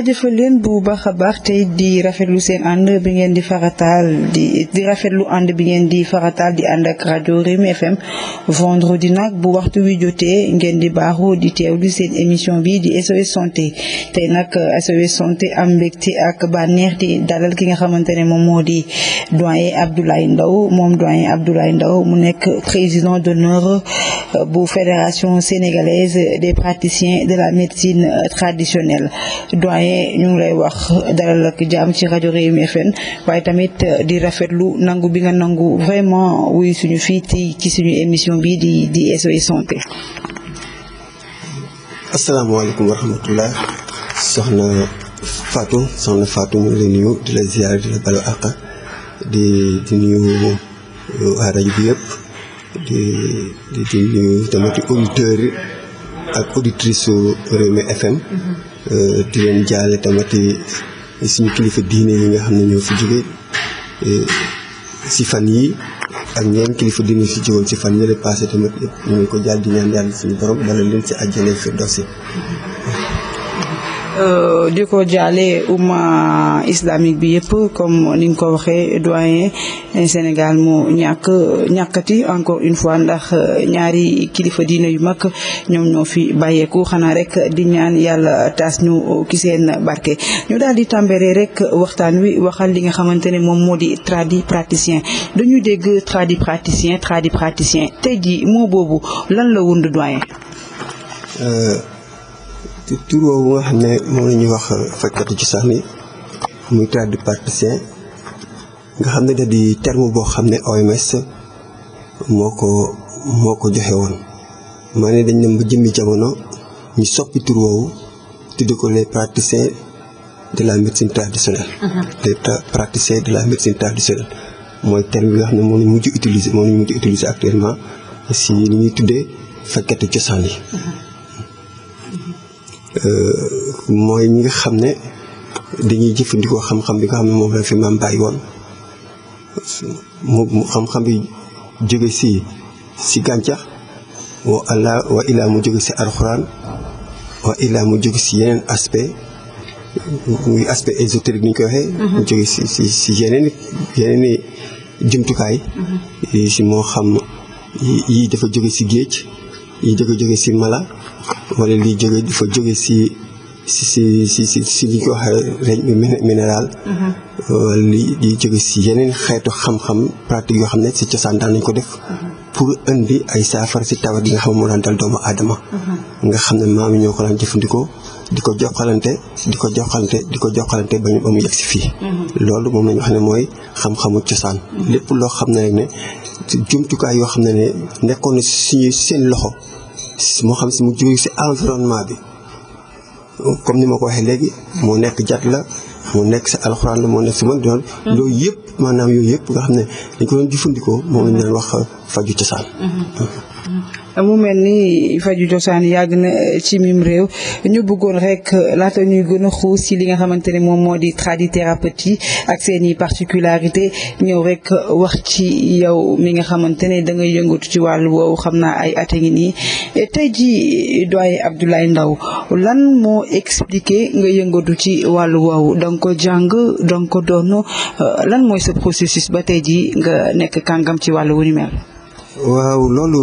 jaajëfal leen bu baax a baax tey di rafetlu seen ànd bi ngeen di farataal di di rafetlu ànd bi ngeen di farataal di ànd ak rajo Rewmi FM vendredi nag bu waxtu wi jote ngeen di baaxu di teewlu seen émission bi di SOS santé tey nag SOS euh, santé am mbégte ak banneex di dalal ki nga xamante ne moom moo di doyen Abdoulaye ndaw moom doyen Abdoulaye ndaw mu nekk président d'honneur euh, bu fédération sénégalaise des praticiens de la médecine traditionnelle doyen ne ñu ngi lay wax dalal ak jàmm ci rajo Rewmi FM waaye tamit euh, di rafetlu nangu bi nga nangu vraiment wuy suñu fii ci ci suñu émission bi di di santé. asalaamaaleykum wa rahmatulah soxna Fatou soxna Fatou mu ngi lay nuyu di la ziar di la balu di di nuyu euh, waa rajo bi yëpp di di di tamit auditeurs yi ak auditrices su Rewmi FM. Mm-hmm. Euh, di leen jaale tamati suñu kilifa diine yi nga xam ne ñoo fi jóge eh, si fan yi ak ñeen kilifa diine si jógoon si fan yële passé tamit ñu ngi ko jàll di ñaan yàlla suñu borom dalal leen si àjjana firdawsi Euh, di ko jaale umma islamique bi yëpp comme ni nga ko waxee doyen euh, Sénégal mu ñàkk ñàkkati encore une fois ndax euh, ñaari kilifa diine yu mag ñoom ñoo fi bàyyeeku xanaa rek di ñaan yàlla taas ñu ki seen barke. ñu daal di tàmbalee rek waxtaan wi waxal li nga xamante ne moom moo di tradipraticien dañu dégg tradipraticien tradipraticien te jii moo boobu lan la wund doyen. tur woowu nga xam ne moom la ñuy wax fajkatu cosaan yi muy tradipraticien nga xam ne da di terme boo xam ne OMS moo ko moo ko joxe woon maa ne dañ dem ba jëmmi jamono ñu soppi tur woowu tudd ko les praticiens de la médecine traditionnelle mhm. les praticiens de la médecine traditionnelle mooy terme bi nga xam ne moom lañ mujj utiliser moom lañ mujj utiliser actuellement si li ñuy tuddee fajkatu cosaan yi mhm. Euh, mooy ñi nga xam ne dañuy jëfandikoo xam-xam bi nga xam ne moom la fi maam bàyyi woon mu xam-xam bi jóge si si gàncax wa allah wa ilaa mu jóge si alxuraan waa ilaa mu jóge si yeneen aspect muy aspect ésotérique ni ñu koy waxee mm-hmm. mu jóge si si si yeneen yeneen jumtukaay mm-hmm. si moo xam yii dafa jóge si géej yii dafa jóge si mala wala liy jóge dafa jóge si si si si si si li ko waxee rek minéral. Uh-huh. wala li liy jóge si yeneen xeetu xam-xam pratique yoo xam ne si cosaan daan nañ ko def. Uh-huh. pour indi ay saafara si tawat yi nga xam ne moo daan dal doomu aadama. Uh-huh. nga xam ne maam ñoo ko daan jëfandikoo di ko jokkalante di ko jokkalante di ko jokkalante ba ñu ba mu yegg si fii. loolu moom la ñu wax ne mooy xam-xamu cosaan. lépp loo xam ne rek ne jumtukaay yoo xam ne ne nekkoon na suñu seen loxo. moo xam si mu jóge si environnement bi comme ni ma ko waxee léegi moo nekk jat la moo nekk si alxuraan la moo nekk si mën doon mm-hmm. loolu yëpp maanaam yooyu yëpp nga xam ne dañ ko doon jëfandikoo moom lañ leen wax faju cosaan mm-hmm. Mm-hmm. mu mel ni faju josaan yàgg na eh, ci mim réew ñu buggoon rek eh, laata ñuy gën a xuus ci li nga xamante ne moom moo di tradithérapeute yi ak seen i particularité ñëw rek eh, wax ci yow mi nga xamante ne da ngay yëngatu ci wàll woowu xam naa ay at ngi nii tey ji doyen Abdoulaye ndaw lan moo expliqué nga yëngatu ci wàll woowu da ko jàng da nga ko doon lan mooy sa processus ba tey ji nga nekk kàngam ci wàll wu ni mel waaw loolu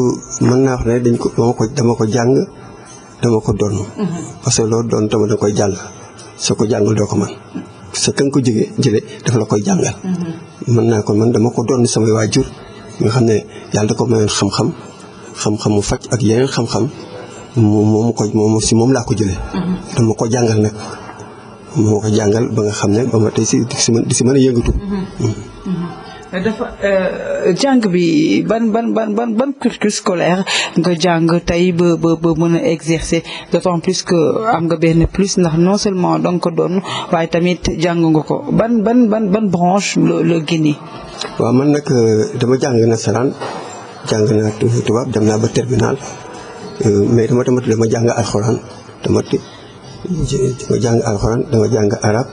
mën naa wax ne dañ ko dama ko dama ko jàng dama ko doon. Mm-hmm. parce que loolu doon tamit da koy jàng soo ko jàngal doo ko man sa kan ko jege jële dafa la koy jàngal. Mm-hmm. mën naa ko man dama ko doon samay waajur nga xam ne yàlla ko mayoon xam-xam xam-xamu faj ak yeneen xam-xam moom ko moom si laa ko jëlee. Mm-hmm. dama ko jàngal nag ba nga xam ne ba ma tey si di si mën a yëngatu. Mm. dafa euh, jàng bi ban ban ban ban ban culture scolaire nga jàng tey ba ba ba mën a exercer d'autant plus que am nga benn plus ndax non seulement donc doon waaye tamit jàng nga ko ban ban ban ban branche la la man nag euh, dama jàng nasaraan jàng naa tubaab dem naa ba terminal euh, mais dama tamit dama jàng alxuraan dama dama jàng alxuraan dama jàng arab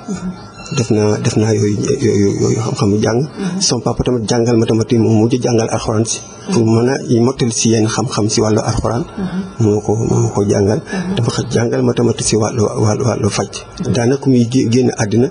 def naa def naa yooyu yooyu yooyu xam-xamu jàng. Mm-hmm. sama papa tamit jàngal ma tamit mu mujj jàngal alxuraan si. pour mm-hmm. mën a mottali si yenn xam-xam si wàllu alxuraan. a mm-hmm. ko moo ko jàngal. dafa jàngal ma si wàllu wàllu faj. daanaka muy génn àddina.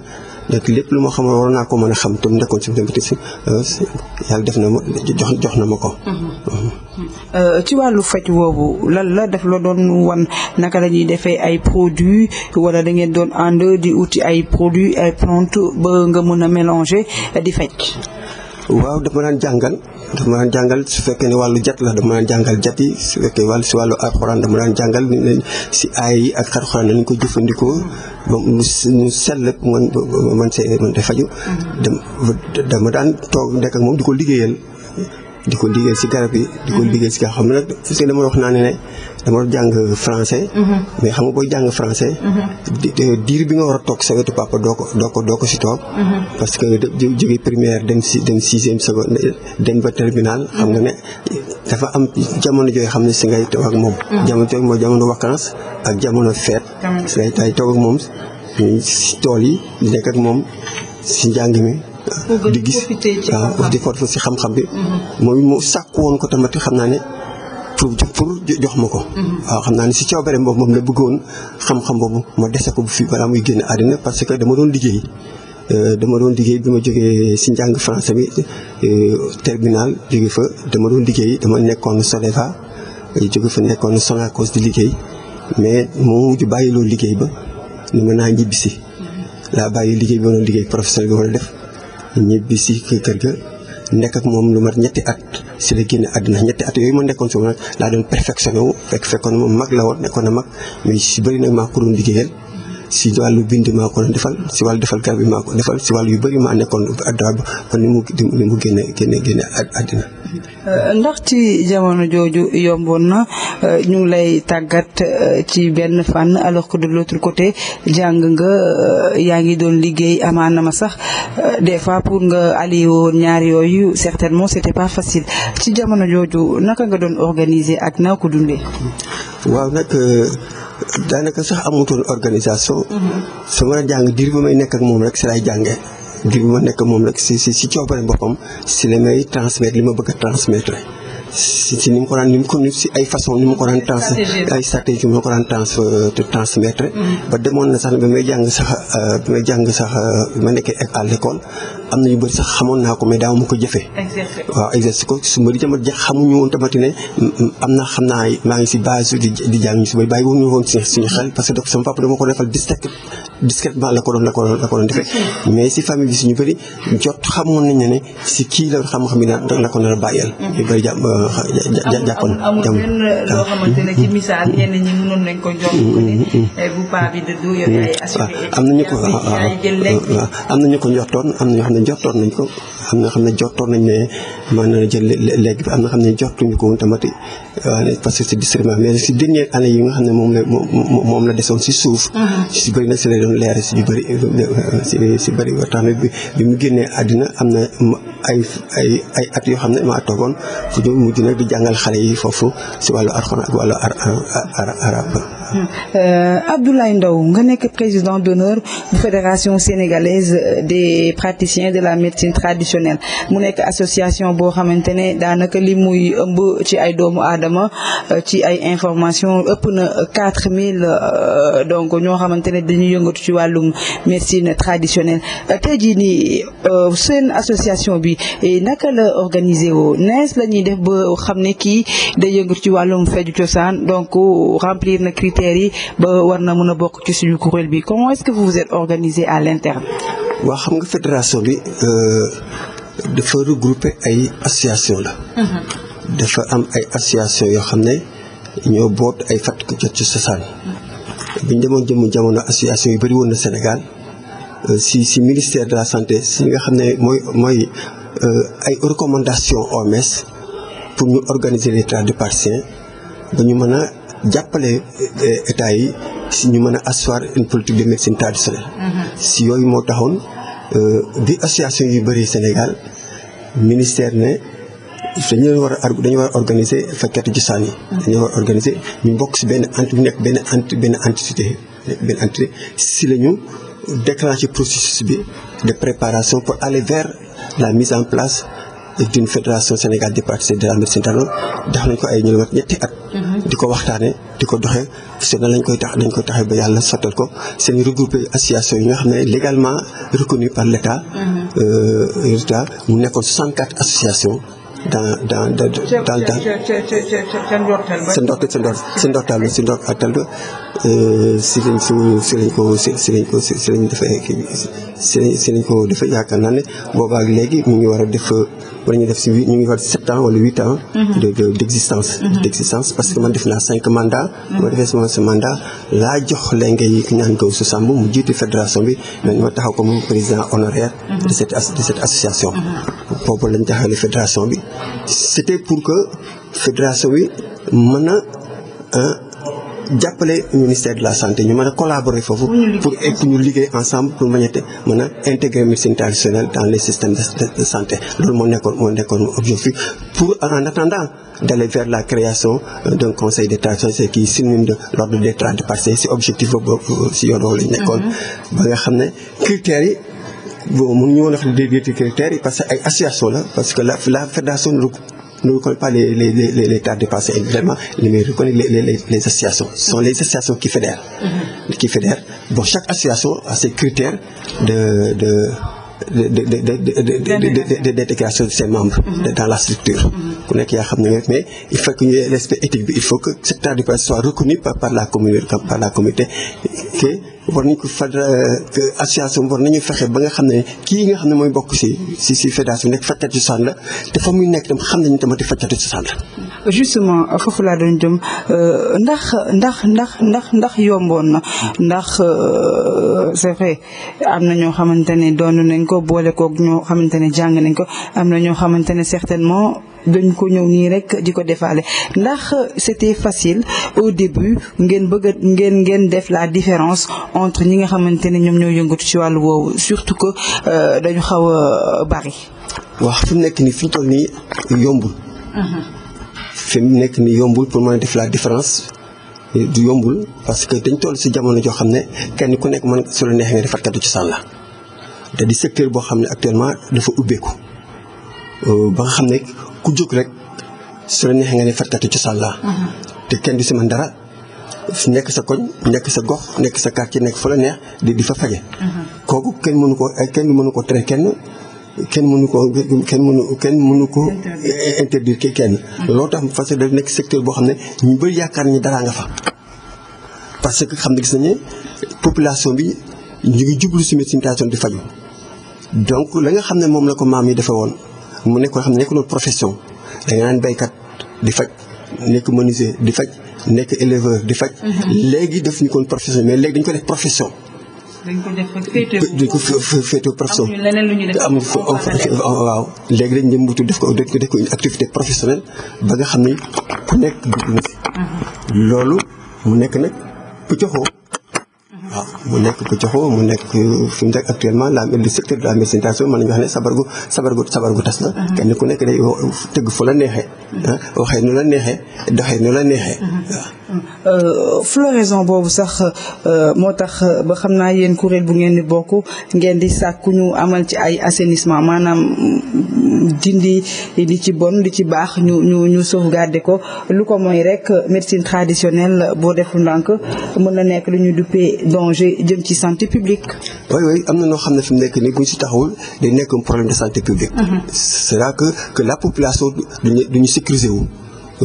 donc lépp lu ma xam war a ko mën a xam te mu nekkoon si euh, si yàlla def na ma jox jox na ma ko. Mm-hmm. Mm-hmm. Euh, ci wàllu faj woowu lan la def la doon wan naka la ñuy defee ay produits wala da ngeen doon ànd di uti ay produits ay plante ba nga mën a mélanger di faj. waaw daf ma daan jàngal daf daan jàngal su fekkee ne wàllu jat la daf ma daan jàngal jat yi su fekkee wàllu si wàllu alxuraan daf ma daan jàngal ni leen si aay yi ak alxuraan dañu ko jëfandikoo ba mu sell man man see man te faju mm-hmm. dama daan toog nekk ak moom di ko liggéeyal di ko liggéey si garab yi. di ko liggéey mhm. si garab xam nga nag parce que dama wax naa ne ne dama jàng français. Mhm. mais xam nga booy jàng français. Mhm. diir bi nga war a toog sa wetu papa doo ko doo ko doo ko si toog. parce que jóge primaire dem si dem sixième seconde dem ba terminal xam nga ne dafa am jamono jooy xam ne si ngay toog ak moom. jamono jooy mooy jamono vacances ak jamono fête. si ngay toog ak moom si tool yi di nekk ak moom si njàng mi. di gis waaw di forfe si xam-xam bi mm-hmm. moom mu sàkk woon ko tamit xam naa ne pour jox ma ko mm-hmm. waaw xam naa ne si coobare boobu moom la bëggoon xam-xam boobu ma dese ko bu fii balaa muy génn àddina parce que dama doon liggéey euh, dama doon liggéey bi ma jógee si njàng français bi euh, terminal jóge fa dama liggéey dama nekkoon Soleva euh, jóge fa nekkoon Sonacos di liggéey mais moo mujj bàyyi liggéey ba ni ma naa ñibbisi mm-hmm. laa bàyyi liggéey bi ma doon liggéey professionnel bi ma def ñibbi si kër ga nekk ak moom lu mat ñetti at si la génne àddina ñetti at yooyu ma nekkoon si moom laa doon perfectionné wu fekk fekkoon moom mag la woon nekkoon na mag mais si bëri nag maa ko doon liggéeyal si wàllu bind maa ko defal si wàllu defal garab yi maa defal si wàllu yu bëri ma nekkoon adduwaat ba ni mu ni mu génne génne génne àddina. Euh, ndax ci jamono jooju yomboon na euh, ñu ngi lay tàggat euh, ci benn fànn alors que de l'autre côté jàng nga yaa ngi doon liggéey amaana ma sax des fois pour nga allié woon ñaar yooyu certainement c'était pas facile ci jamono jooju naka nga doon organiser ak naa ko dundee. waaw nag. daanaka sax amutoon organisation. sama jàng diir bi may nekk ak moom rek si lay jàngee. diir bi ma nekk moom rek si si si coobare boppam si la may transmettre li ma bëgg a transmettre. si ci ni mu ko daan ni mu ko si ay façon ni mu ko daan trans euh, mm-hmm. ba demoon na sax ne ba may jàng sax ba may jàng sax euh, ma euh, nekkee e- à l'école am na yu bëri sax xamoon naa ko mais daaw ma ko jëfee waaw exerce ko su ma di jamat ja xamuñu woon tamati ne am na xam naa maa ngi si base di jàng ñu si bay bàyyi woon ñu si suñu xel parce que sama papa dama ko defal distect discrètement la ko doon la ko doon la ko doon defee mais si famille bi suñu bëri jot xamoon nañu ne si kii la xam-xam yi daan la ko nar a bàyyeel. Mhm. ñu bëri jàpp euh, jàppoon. am na ñu ko waaw waaw am na am na ñoo xam ne njortoon nañ ko am na xam ne njortoon nañ ne mën na jël léegi am na xam ne njortuñu ko woon tamit. Euh, parce que c'est distribué mais si dernière année yi nga xam ne moom la moom la desoon si suuf. Ah. si bëri na si lay doon leer si ñu bëri euh, euh, si si bëri waxtaan bi bi mu génnee àddina am na ay ay ay at yoo xam ne maa toogoon fu ñu mujj nag di jàngal xale yi foofu si wàllu arxon ak wàllu arab Euh, Abdoulaye ndaw nga nekk président d'honneur bu fédération sénégalaise des praticiens de la médecine traditionnelle mu nekk association boo xamante ne daanaka li muy ëmb ci ay doomu aadama euh, ci ay information ëpp na quatre mille euh, donc ñoo xamante ne dañuy yëngatu ci wàllum médecine traditionnelle tey jii nii seen association bi naka la organisé woo nees la def ba xam ne kii day yëngatu ci wàllum feju cosaan donc remplir na critère militaires ba war na mën a bokk ci suñu kuréel bi comment que vous vous êtes à l'interne waaw xam nga fédération bi euh, dafa regrouper ay association la mm-hmm. dafa am ay association yoo xam ne ñoo boot ay fàtt ko jot ci sosaan bu ñu jëmm jamono association yu bëri woon na Sénégal euh, si si ministère de la santé si nga xam ne mooy mooy euh, ay recommandations OMS pour ñu organiser les traits de patients ba ñu mën a jàppale eh, état yi si ñu mën a asseoir une politique de médecine traditionnelle. Mhm. si yooyu moo taxoon euh, bi association yu bëri Sénégal ministère ne dañu leen war a dañu war a organiser fakkatu cosaan yi. Mhm. dañu war a organiser ñu mbokk si benn ent nekk benn ent si la ñu déclenché bi de préparation pour aller vers la mise en place. d'une fédération Sénégal des praticiens de la médecine danoon def nañ ko ay ñu wat ñetti at mhm. di ko waxtaane di ko doxee su na lañ koy tax dañ koy taxee ba yàlla sottal ko seen regroupé association yi ñoo xam ne légalement reconnu par l'état mhm. euh, état mu nekkoon 64 associations dans dans dans dans sa ndorteel sa ndorteel sa ndorteel ba si ndorteel ba si lañ euh, si lañ ko si lañ ko si lañ defee si lañ ko defee yaakaar naa ne boobaak léegi mu ngi war a def. war nañu def si ñu ngi war sept ans wala huit ans. Mhm. de de d' existence. Mhm. existence parce que de def naa cinq mandats. ma mhm. defee sama sa mandat laa jox la ngay ñaan gaw su Samb mu jiitu fédération bi mais ñoo taxaw comme président honoraire. de cette de cette association. boobu lañ taxawale fédération bi. c' était pour que fédération bi mën a jàppale ministère de la santé ñu man a collaborer foofu pour pour ñu liggéey ensemble pour mën a mën a intégrer médecine traditionnelle dans les systèmes de santé loolu moo nekkoon moo nekkoon objectif pour en attendant d'aller vers la création euh, d'un conseil des traditionnels qui synonyme de l'ordre des tradis parce que si objectif boobu euh, si yoon woowu lañ nekkoon mhm. ba nga xam ne critères yi bon mun ñu woon wax déedéet critères yi parce que ay association la ne reconnaît pas les, les, les, les terres dépassées. Vraiment, mais les, associations. sont les associations qui fédèrent. chaque association a ses critères de, de d'intégration de ses membres dans la structure ku nekk yaa xam ne respect éthique bi il faut que cette tradition soit reconnue par la communauté par la communauté que war nañ ko fad euh, association war nañu fexe ba nga xam ne kii nga xam ne mooy bokk si si si fédération nekk fajkatu cosaan la te fa muy nekk tam xam nañu tamati fajkatu cosaan la. justement foofu laa doon jëm euh, ndax ndax ndax ndax ndax yomboon na ndax euh, c'est am na ñoo xamante ne doon nañ ko boole kook ñoo xamante ne jàng nañ ko am na ñoo xamante ne certainement. dañ ko ñëw nii rek di ko defaale ndax c'était facile au début ngeen bëgg ngeen ngeen def la différence entre ñi nga xamante ne ñoom ñoo yëngatu ci wàllu woowu surtout ko euh, dañu xaw a bari. wax fi mu nekk nii fi ñu toll nii yombul. Uh-huh. fi mu nekk nii yombul pour mën a def la différence du yombul parce que dañ toll si jamono joo xam ne kenn ku nekk mën su la neexee nga defarkatu ci sànla te di secteur boo xam ne actuellement dafa ubbeeku euh, ba nga xam ne. ku jóg rek su la neexee nga ne fajkatu cosaan laa mhm. te kenn du si man dara nekk sa koñ nekk sa gox nekk sa quartier nekk fa la neex di di fa faje mhm. kooku kenn mënu ko eh, kenn mënu ko tere kenn kenn mënu ko kenn mënu kenn mënu ko interdire ki kenn mhm. loolu tax parce que daf nekk secteur boo xam ne ñu bëri yaakaar ni daraa nga fa parce que xam ne gis nañu population bi ñu ngi jublu si médecine di faju donc la nga xam ne moom la ko maam yi defee woon mu nekk koo nekk loolu profession da nga naan béykat di faj nekk menuisier di faj nekk éleveur di faj. Mhm. léegi def ñu koon profession mais léegi dañ ko def profession. dañ ko def féete profession am waaw léegi dañ dem wutu def ko def ko une activité professionnelle ba nga xam ni ku nekk dugg na mhm. loolu mu nekk nag ku joxoo. waaw ah, mu nekk ko joxo mu nekk fi mu nekk actuellement la le secteur de la médecine traditionnelle mën nañu wax ne sabargu sabargu sabargu tas la kenn ku nekk day tëgg fu la neexee ah, waxee nu la neexee doxee nu la neexee Euh, floraison boobu sax euh, moo tax euh, ba xam naa yéen kuréel bu ngeen di bokk ngeen di ku ñu amal ci ay assainissement maanaam dindi di ci bon di ci baax ñu ñu ñu sauvegarder ko lu ko mooy rek médecine traditionnelle boo deful ndànk mën na nekk lu ñu duppee danger jëm ci santé publique. oui oui am na noo xam ne fi mu nekk nii bu ñu si taxawul day nekk un problème de santé publique. Mhm. c'est là que que la population duñu duñu sécuriser wu.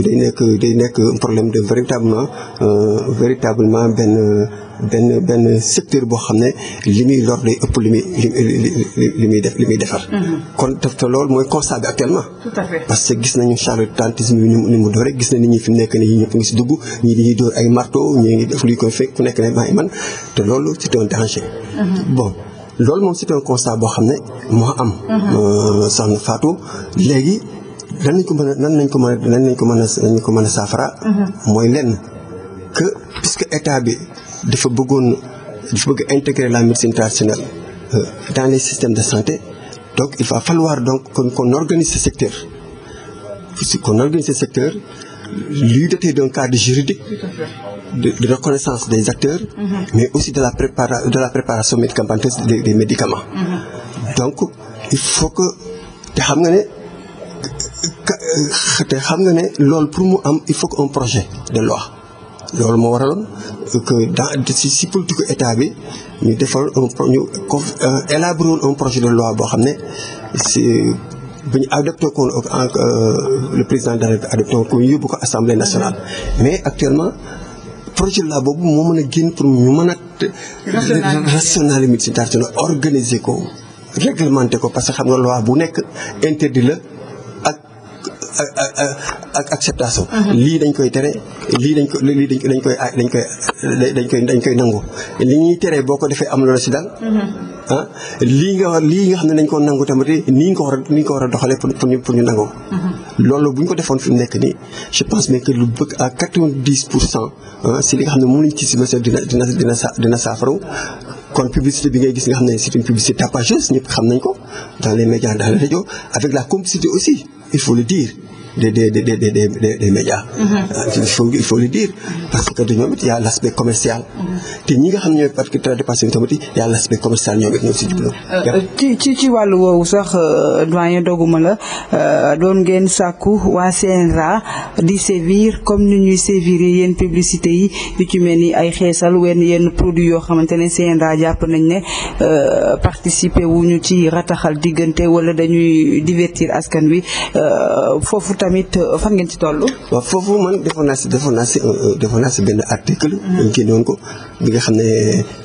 day nekk day nekk un problème de véritablement euh, véritablement benn benn benn secteur boo xam ne li muy lor day ëpp li muy li muy def li muy defar. Mm-hmm. kon te loolu mooy constat bi actuellement. parce que gis nañu charlatanisme bi ni mu doore gis na nit ñi fi mu nekk nii ñëpp ngi si dugg ñii dañuy dóor ay marto ñii ngi def luy ko fekk ku nekk ne maa man te loolu c'est un danger. Mm-hmm. bon loolu moom c'est un constat boo xam ne moo am. Mm-hmm. Euh, soxna Fatou léegi. nan lañ ko mën a nan lañ ko mën a a nañ ko mën a saafara mhm. mooy lenn que puisque état bi dafa bëggoon dafa bëgg intégrer la médecine traditionnelle euh, dans les systèmes de santé donc il va falloir donc qu'on qu'on organise ce secteur qu'on organise secteur lui doter d'un cadre juridique de, de reconnaissance des acteurs mm -hmm. mais aussi de la préparation médicamenteuse des, des mhm. donc il faut que te xam nga ne Eh, te xam nga ne lool pour mu am il faut un projet de loi loolu moo waraloon que dans si si politique état bi ñu defal un ñu euh, un projet de loi boo xam ne si bu ñu adopté ko euh, le président de la République adopté woon ko yóbbu ko assemblée nationale mais actuellement projet de loi boobu moo mën a génn pour ñu mën a rationaliser organisé ko réglementé ko parce que xam nga loi bu nekk interdit la ak acceptation. lii dañ koy tere lii dañ ko lii dañ koy dañ koy dañ koy dañ koy nangu li ñuy tere boo ko defee am loola si daal. Mhm. ah lii nga xam ne dañ ko nangu tamit nii nga ko war a nii nga ko war a doxalee pour ñu pour ñu nangu. Mhm. loolu bu ñu ko defoon fi mu nekk nii je pense mais que lu bëgg à quatre-vingt-dix pour cent ah, si li nga xam ne moom lañ ci si message dina dina sa dina kon publicité bi ngay gis nga xam ne c'est une publicité tapageuse ñëpp xam nañ ko dans les médias dans les rajo avec la complicité aussi. il faut le dire des, des, des, des médias. Mm-hmm. Euh, il faut il faut le dire mm-hmm. parce que ñoom it y a l' aspect mm-hmm. te ñi nga xam ne ñooy tradipassé tamit y a l' ñoo si jublu. Euh, ci ci ci wàllu woowu sax euh, doyen doguma la doon ngeen sàkku waa CNRA di sévir comme ni ñuy sévir yenn publicité yi yu ci mel ni ay xeesal wenn yenn produit yoo xamante ne CNRA jàpp nañ ne participer wu ñu ci rataxal diggante wala dañuy divertir askan wi foofu. tamit euh, fan ngeen ci toll. waaw foofu man defoon naa si defoon naa si euh, defoon naa si benn article. ñu génnoon ko bi nga xam ne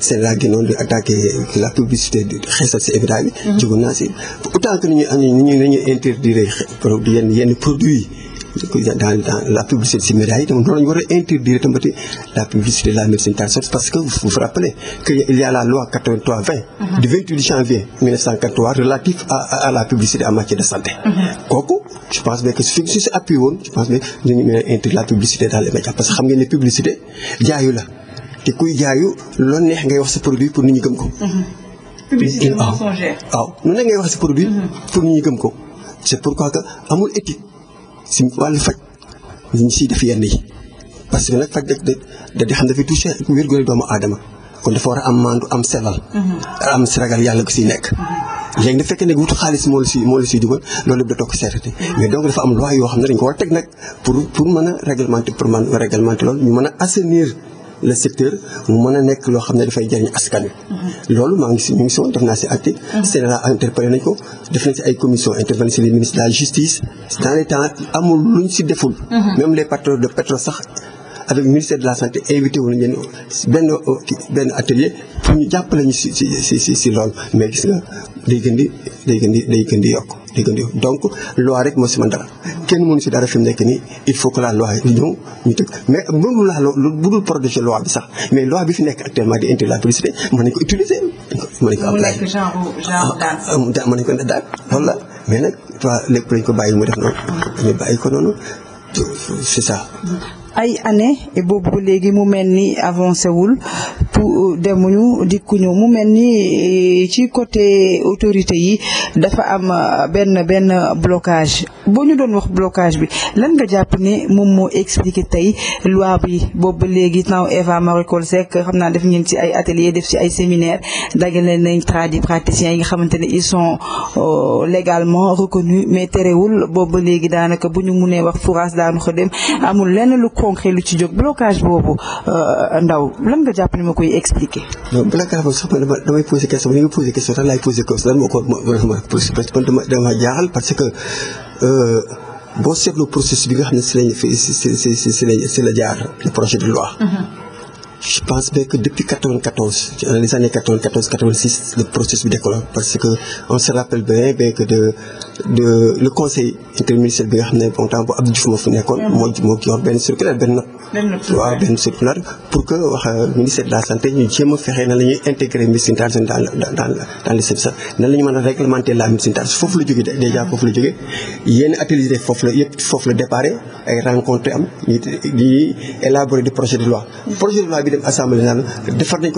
seen laa génnoon di attaqué la publicité di xeesal si état bi. Mhm. jógoon naa si autant que ni ñu am ni ñu ni ñu yenn yenn produits yi. dans, dans la publicité de ces yi noonu la war a interdire tamit la publicité la médecine traditionnelle parce que vous vous rappelez qu'il y a la loi 83 mhm. du 28 janvier 1983 relative à, à, à la publicité en matière de santé mhm. kooku je pense bien que su fi si appui woon je pense bien ñu ngi a interdire la publicité dans les parce que xam ngeen ne publicité jaayu la te kuy jaayu loolu neex ngay wax sa produit pour nit ñi gëm ko mhm. publicité ah. mensongère ah. si wàllu faj ñu siy def yenn yi parce que nag faj da da di xam dafay touché wér-gu-yaram doomu aadama kon dafa war a am maandu am sellal. Mhm. am seragal yàlla ko siy nekk. Mhm. léegi na fekkee ne wutu xaalis moo la si moo la si dugal loolu da toog seerate mhm. mais donc dafa am loi yoo xam ne dañ ko war a teg nag pour pour mën a réglementer pour mën a réglementer loolu ñu mën a assainir. le secteur mu mën a nekk loo xam ne dafay jëriñ askan loolu maa ngi si ñu ngi si def naa si acte sénégal interpellé nañ ko def nañ si ay commission intervenir si la justice dans les temps amul luñ si deful même les patrons de pétrole sax avec ministère de la santé invité wu nañu benn benn atelier pour ñu jàppale ñu si si si si si loolu mais gis nga gën di day gën di day di yokk day gën di donc loi rek moo si mën dara kenn mënu si dara fi mu nekk nii il faut que la loi di ñëw ñu bu dul projet sax mais loi bi fi nekk actuellement di interdit la publicité mën nañu ko utiliser mën nañu ko am laaj ah, ah, mën nañu ko daal loolu mais nag lañ ko bàyyi mu def noonu ñu bàyyi ko noonu c'est ça ay année boobu léegi mu mel ni avancé wul pour euh, demuñu dikkuñu mu mel ni euh, ci côté autorité yi dafa am euh, benn benn blocage boo ñu doon wax blocage bi lan nga jàpp ne moom moo expliqué tey loi bi boobu ba léegi taw Eva Marie Coll Seck xam naa def ngeen ci ay atelier def ci ay séminaire dajale nañ tradipraticiens yi nga xamante ne ils sont euh, légalement reconnus mais terewul boobu ba léegi daanaka bu ñu munee wax fourage daanu ko dem amul lenn lu concret lu ci jóg blocage boobu euh, ndaw lan nga jàpp ne ma koy expliqué. non blocage boobu sax man damay posé question bi nga posé question sax laay posé question lan moo ko man dama jaaxal parce que. Euh, boo seetloo processus bi nga xam ne si lañ si si lañ si la jaar le projet de loi. Mhm. je pense bien que depuis 94 ci les années 94 86 le processus bi décolle parce que on se rappelle bien bien que de. de le conseil interministériel bi nga xam ne bon temps bu Abdou Diouf moo fi nekkoon. Mm-hmm. moo moo yor benn circulaire benn. benn waaw benn circulaire pour que wax euh, ministère de la santé ñu jéem a fexe nan la intégrer médecine traditionnelle dans le dans le a réglementer la médecine foofu la jógee déjà mm-hmm. foofu la jógee yenn ateliers foofu la yëpp foofu la départ ay rencontre am ñu élaborer des projets de loi. Mm-hmm. projet de loi bi dem assemblée naan defar nañ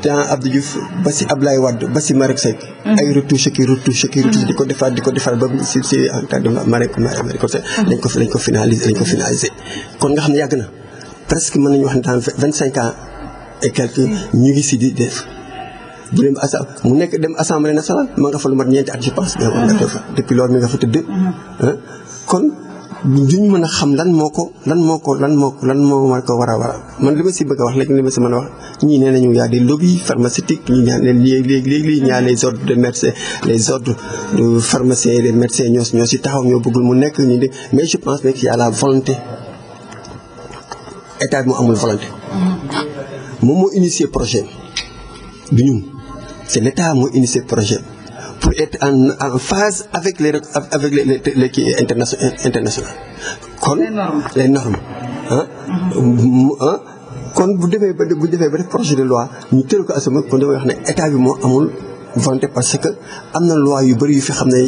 temps Abdou Diouf ba si Ablaye Wade ba si Marek Seck mhm. ay retouche ki retouche ki retouche mhm. di ko defaat di ko defaat ba si si en tant que Marek Marek Seck lañ mhm. ko lañ kon nga xam ne yàgg na presque mën nañu wax ne dans vingt cinq ans et quelques ñu ngi si di def bu dem asa mu nekk dem assemblée nationale ma nga fa lu ma ñeenti at je pense nga nga fa depuis loolu mi nga fa tëdd kon duñ mën a xam lan moo ko lan moo ko lan moo ko lan moo war ko war a waral man li ma si bëgg a wax léegi li ma si mën a wax ñu nee nañu yaa des lobbies pharmaceutiques ñii ñaa leen léegi léegi léegi les ordres de médecins les ordres de pharmaciens les médecins ñoo ñoo si taxaw ñoo bëggul mu nekk ñu de mais je pense que y a la volonté état mu amul volonté moom moo initié projet bi du ñun c'est moo initié projet pour être en en phase avec les avec les les les kii internationales kon les normes kon bu defee ba bu demee ba def projet de loi ñu tëral ko asama kon damay wax ne état bi moo amul volonté parce que am na loi yu bëri yu fi xam ne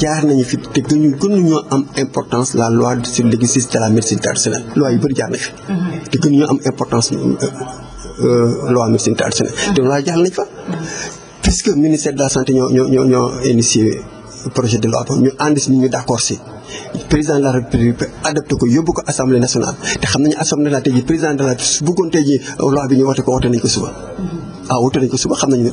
jaar nañu fi te gënuñu gënuñoo am importance la loi sur l'exercice de la médecine traditionnelle loi yu bëri jaar na fi. Mhm. te gënuñoo am importance euh, euh, loi médecine traditionnelle. Mhm. te loi jaar nañ fa. puisque ministère de la santé ño ño ñoo ño initié projet de loi ñu ànd si ñu d'accord si président de la république adopté ko yóbbu ko assemblée nationale te xam nañu assemblée la tey jii président de la su bi ñu wote ko wote nañ ko suba. Mm-hmm. ah wote nañ ko suba xam nañu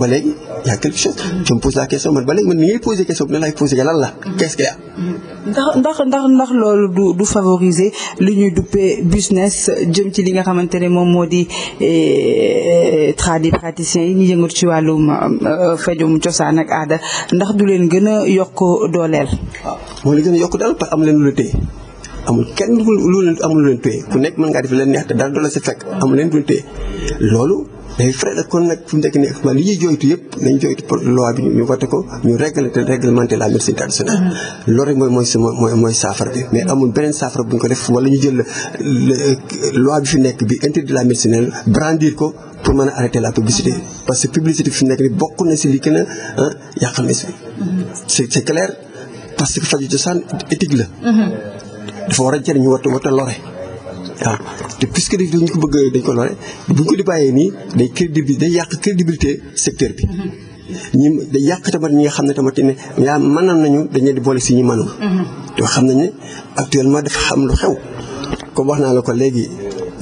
ba léegi y a quelque chose. tu mm-hmm. me poses la question man ba léegi man ni ngay posé question bi ne laay posé mm-hmm. ndax loolu du favoriser li ñuy duppee business jëm ci li nga xamante ne moom moo di eh, eh, tradipraticiens yi ñu yëngatu ci wàllum euh, fajum cosaan ak aada ndax du leen gën a yokk dooleel. waaw moo la gën a yokk daal parce que am leen lu la téye amul kenn lu leen amul lu ku nekk la si fekk kon nag fu nekk nii li ñuy yëpp nañ jooytu loi bi ñu voté ko ñu réglementé réglementé la médecine traditionnelle. Mm-hmm. loolu rek mooy mooy ñu ko def wala fi nekk bi interdit la médecine brandir ko pour mën a arrêter la publicité parce que publicité bi fi mu nekk nii bokk na si li gën a yàq médecine. c'est c'est clair parce que faju cosaan éthique la dafa war a jëriñ ñu warta warta lore waaw te puisque daf ñu ko bëgg dañ ko lore bu ñu ko di bàyyee nii day crédibilité day yàq crédibilité secteur bi ñi day yàq tamit ñi nga xam ne tamit ne yaa mënoon nañu dañ leen di boole si ñu mënul te xam nañ ne actuellement dafa xam lu xew comme wax naa la ko léegi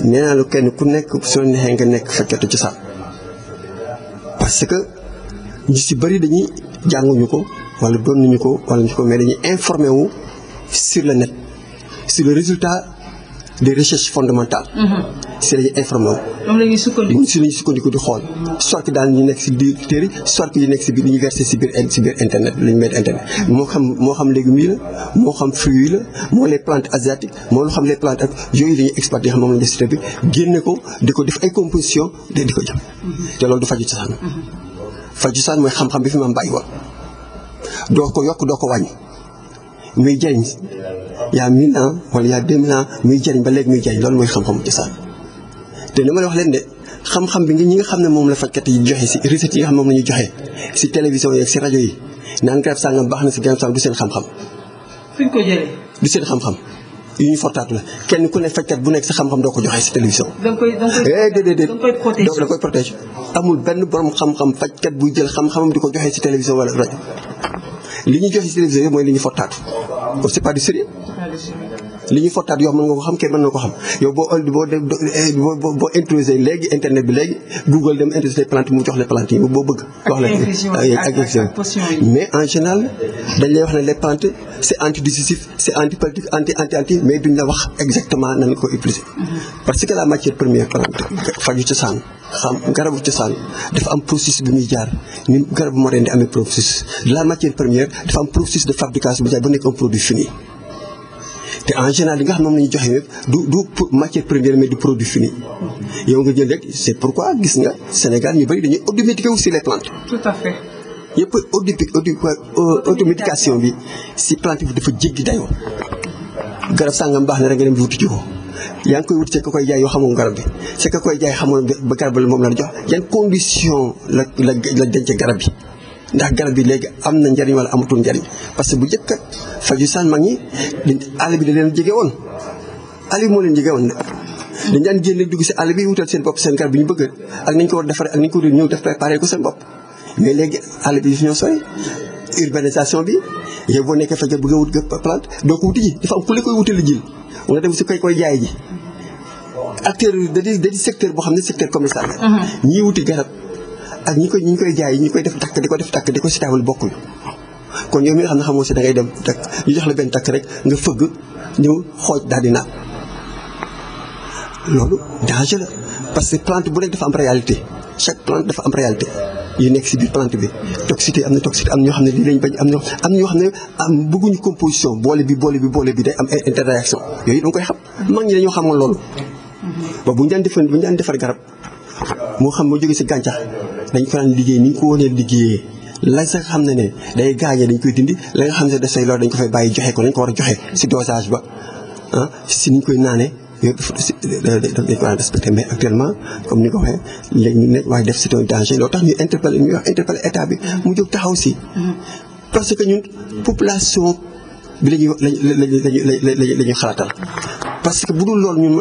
nee naa la kenn ku nekk soo neexee nga nekk fekkatu cosaan parce que ñu si bëri dañuy jànguñu ko wala doonuñu ko wala ñu ko mais dañuy informé wu sur le net sur le résultat de recherches fondamentales. Mm-hmm. si la ñuy informé wu. su la sukkandiku di xool. soit que daal ñu nekk si biir téere soit que nekk si biir université si biir internet la ñu internet. moo xam moo xam légumes yi la moo xam fruits yi la moo les plantes asiatiques moo loo xam les plantes ak yooyu la ñuy exploité xam moom la ñu des génne ko di ko def ay composition de di ko jëm. Mm-hmm. fa cosaan mooy xam-xam bi fi maam bàyyi woon doo ko yokk doo ko wàññi muy jëriñ yaa mille ans wala yaa deux mille ans muy jëriñ ba léegi muy jëriñ loolu mooy xam-xamu cosaan te li ma la wax leen de xam-xam bi ñi nga xam ne moom la fajkat yi joxe si recette yi nga xam moom la ñu joxe si télévision yeeg si rajo yi naan garab sàngam baax na si garab sàngam du seen xam-xam. fuñ du seen xam-xam. yu ñuy fortaatu la kenn ku ne fajkat bu nekk sa xam-xam doo ko joxee si télévision. da nga koy da eh, koy protéger da koy protéger amul benn borom xam-xam fajkat buy jël xam-xamam di ko joxee si télévision wala rajo li ñu joxe si télévision yëpp mooy li ñuy fortaatu c'est pas du sérieux li ñu fottaat yoo xam nga ko xam kenn mën na ko xam yow boo boo léegi internet bi léegi Google dem introsé plante mu jox la plante yi mais en général dañ lay wax ne les plantes c' est antidécisif mais duñ la wax exactement nan ko utiliser. Mm-hmm. parce que la matière première plante faju cosaan xam garabu cosaan dafa am processus bu ñuy jaar ni garabu moo leen di amee processus la matière première dafa am processus de fabrication bu jaar ba nekk un produit fini. te en général li nga xam moom la ñu joxe yëpp du du matière première mais du produit fini yow nga jël rek c' est pourquoi gis nga Sénégal ñu bëri dañuy automédiqué wu si les plantes. tout à fait. yëpp audi audi automédication bi si plante bi dafa jéggi dayoo garab sàngam baax na rek nga dem di wuti jiwoo yaa ngi koy wut c'est koy jaay yoo xamoon garab bi c'est koy jaay xamoon ba garab la moom la jox yan condition la la denc garab bi. ndax garab bi léegi am na njariñ wala amatul njariñ parce que bu jëkk faj faju saan mag ñi àll bi da leen jege woon àll bi moo leen jege woon dañ daan génn dugg si àll bi wutal seen bopp seen garab bi ñu bëgg ak nañ ko war defaree ak nañ ko war ñëw ko seen bopp mais léegi àll bi daf ñoo sooy bi yow boo nekkee fajar bëgg a wut plante doo ko wuti ji dafa am ku la koy wutali jil wala dem si kay koy jaay ji acteur da di da di secteur boo xam ne secteur commercial la mhm. ñiy wuti garab ak ñi koy ñi koy jaay ñi koy def takk di ko def takk di ko si taabal bokkuñu kon yow mi nga xam ne si da dem takk ñu la benn takk rek nga fëgg ñëw xooj daal di naan loolu danger la parce que plante bu nekk dafa am réalité chaque plante dafa am nekk si biir plante bi toxicité am na toxicité am ñoo xam ne lii bañ am ñoo am ñoo xam ne am bëgguñu composition boole bi boole bi boole bi day am interaction yooyu danga koy xam mag ñi dañoo xamoon loolu ba bu ñu daan defar ñu daan defar garab moo xam moo jóge si gàncax dañ faral liggéey ni ñu ko waree liggéeyee la xam ne ne day gaañee dañ koy dindi la xam ne daf say dañ ko fay bàyyi joxe ko dañ ko war a joxe ba ah si niñ koy naanee yëpp dañ ko war a def c'est un danger tax ñu interpellé ñu wax interpellé état bi mu si parce que ñun population bi lañuy lañuy lañuy lañuy xalaatal parce que bu loolu ñun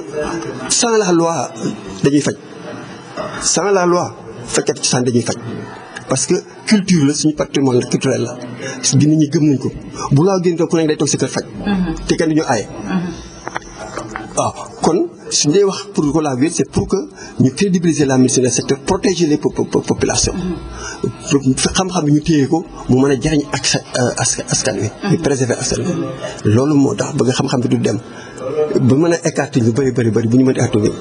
sans la loi dañuy faj sans la loi fajkat ci saan dañuy faj parce que culture la suñu patrimoine culturel la bi nit ñi gëm nañ ko bu laa gën ko ku nekk day toog si faj mm-hmm. te kenn duñu aaye mm-hmm. waaw kon suñ dee wax pour ko la wér c'est pour que ñu crédibiliser la médecine de secteur protéger les populations mm-hmm. xam-xam bi ñu téye ko mu mën a jariñ ak euh, askan wi ñu préserver askan wi loolu moo tax bëgg xam-xam bi du dem ba mën a écarter ñu bëri bëri bëri bu ñu mën a écarter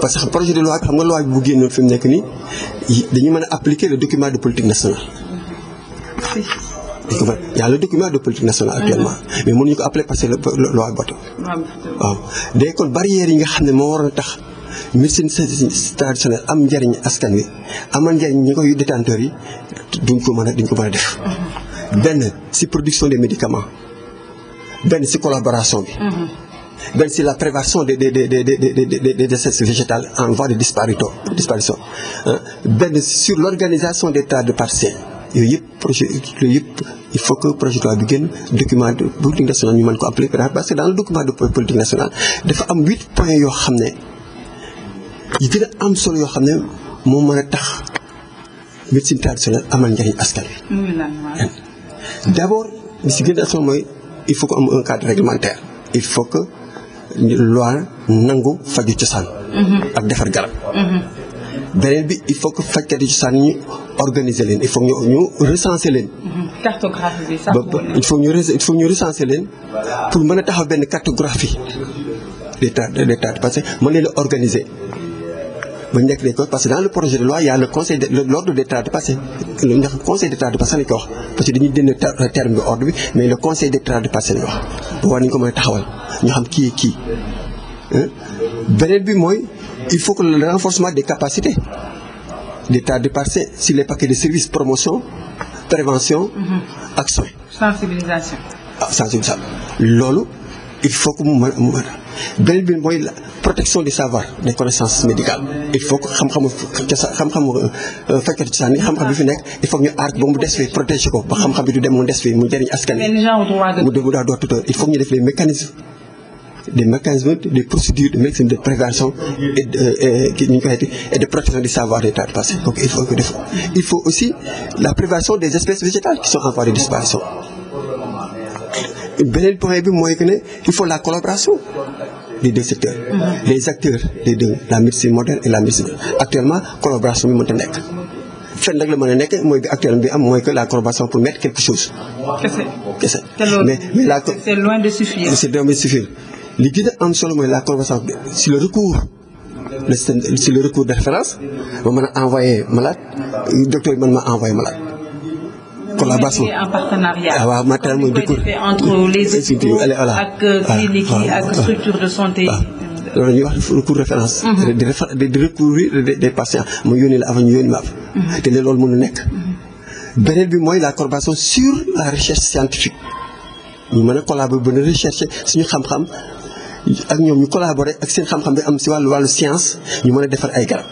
parce que projet de loi bi xam nga loi bi bu génnoon fi mu nekk nii dañu mën a appliquer le document de politique nationale. dañ ko mën y a le document de politique nationale actuellement. mais mënuñu ko appeler parce que loi bato. waaw day kon barrière yi nga xam ne moo waroon a tax. médecine traditionnelle am njariñ askan wi amal njariñ ñi koy détenteur yi duñ ko mën a duñ ko mën a def benn ci production des médicaments benn ci collaboration bi même si la prévention de, de, de, de, de ces en voie de disparition hein? benn sur l'organisation des tas de parcelles yooyu yëpp projet yooyu yëpp il faut que projet bi génn document de politique nationale ñu mën ko appeler parce que dans le document de politique nationale dafa am huit points yoo xam ne yi gën a am solo yoo xam ne moo mën a tax médecine traditionnelle amal njëriñ askan wi. d' abord si gën a am solo mooy il faut que am un cadre réglementaire loi nangu faju cosaan mhm. ak defar garab mhm. beneen bi il faut que fajkati cosaan ñu organiser leen il faut ñu ñu recenser leen mhm. cartographie bi sax il faut ñu il faut ñu recenser leen pour mën a taxaw benn cartographie d'état d'état parce mën leen a organiser ba nekk des causes parce dans le projet de loi il a le conseil l'ordre de Pastef lu ñu wax conseil de Pastef lañ ko wax parce que dañuy dënn terme bi ordre bi mais le conseil d'état de Pastef lañ wax bu war nañu ko mën a taxawal ñu xam kii kii beneen bi mooy il faut que renforcement des capacités de Pastef sur les paquets de services promotion prévention mm-hmm. ak ah, loolu il faut que mu mën beneen bi mooy la protection du savoir des connaissances médicales il faut que xam-xamu xam-xamu euh, fajkatu cosaan ni xam-xam bi fi nekk il faut ñu aar ba mu des fi protéger ko ba xam-xam bi du dem mu des fi mu jëriñ askan wi mu demu daa doo tuteur il faut que ñu def les mécanismes des mécanismes de médecine de prévention et de euh, ñu koy xeeti et de protection du savoir des temps passés il faut que def il faut aussi la prévention des espèces végétales qui sont en voie de disparition beneen point bi mooy que ne il faut la collaboration de deux secteurs mm-hmm. les acteurs des deux la médecine moderne et la médecine actuellement collaboration bi mënta nekk fenn rek la mën a nekk mooy bi actuellement bi am mooy que la collaboration pour mettre quelque chose mais la c'est loin de suffire li gën am solo mooy la collaboration si le recours le si le de référence ma mën a envoyé malade docteur bi mën ma envoyé malade collaboration en partenariat ah waaw mooy dëkk entre les instituts ak euh, clinique yi ak structure de santé loolu ñuy wax recours référence mhm. di réfé- di recourir des patients la avant ñu yónni ma ab mhm. te loolu mënul nekk mhm. beneen bi mooy la collaboration sur la recherche scientifique ñu mën a collaborer ba na recherche suñu xam-xam ak ñoom ñu collaborer ak seen xam-xam bi am si wàllu wàllu science ñu mën a defar ay garab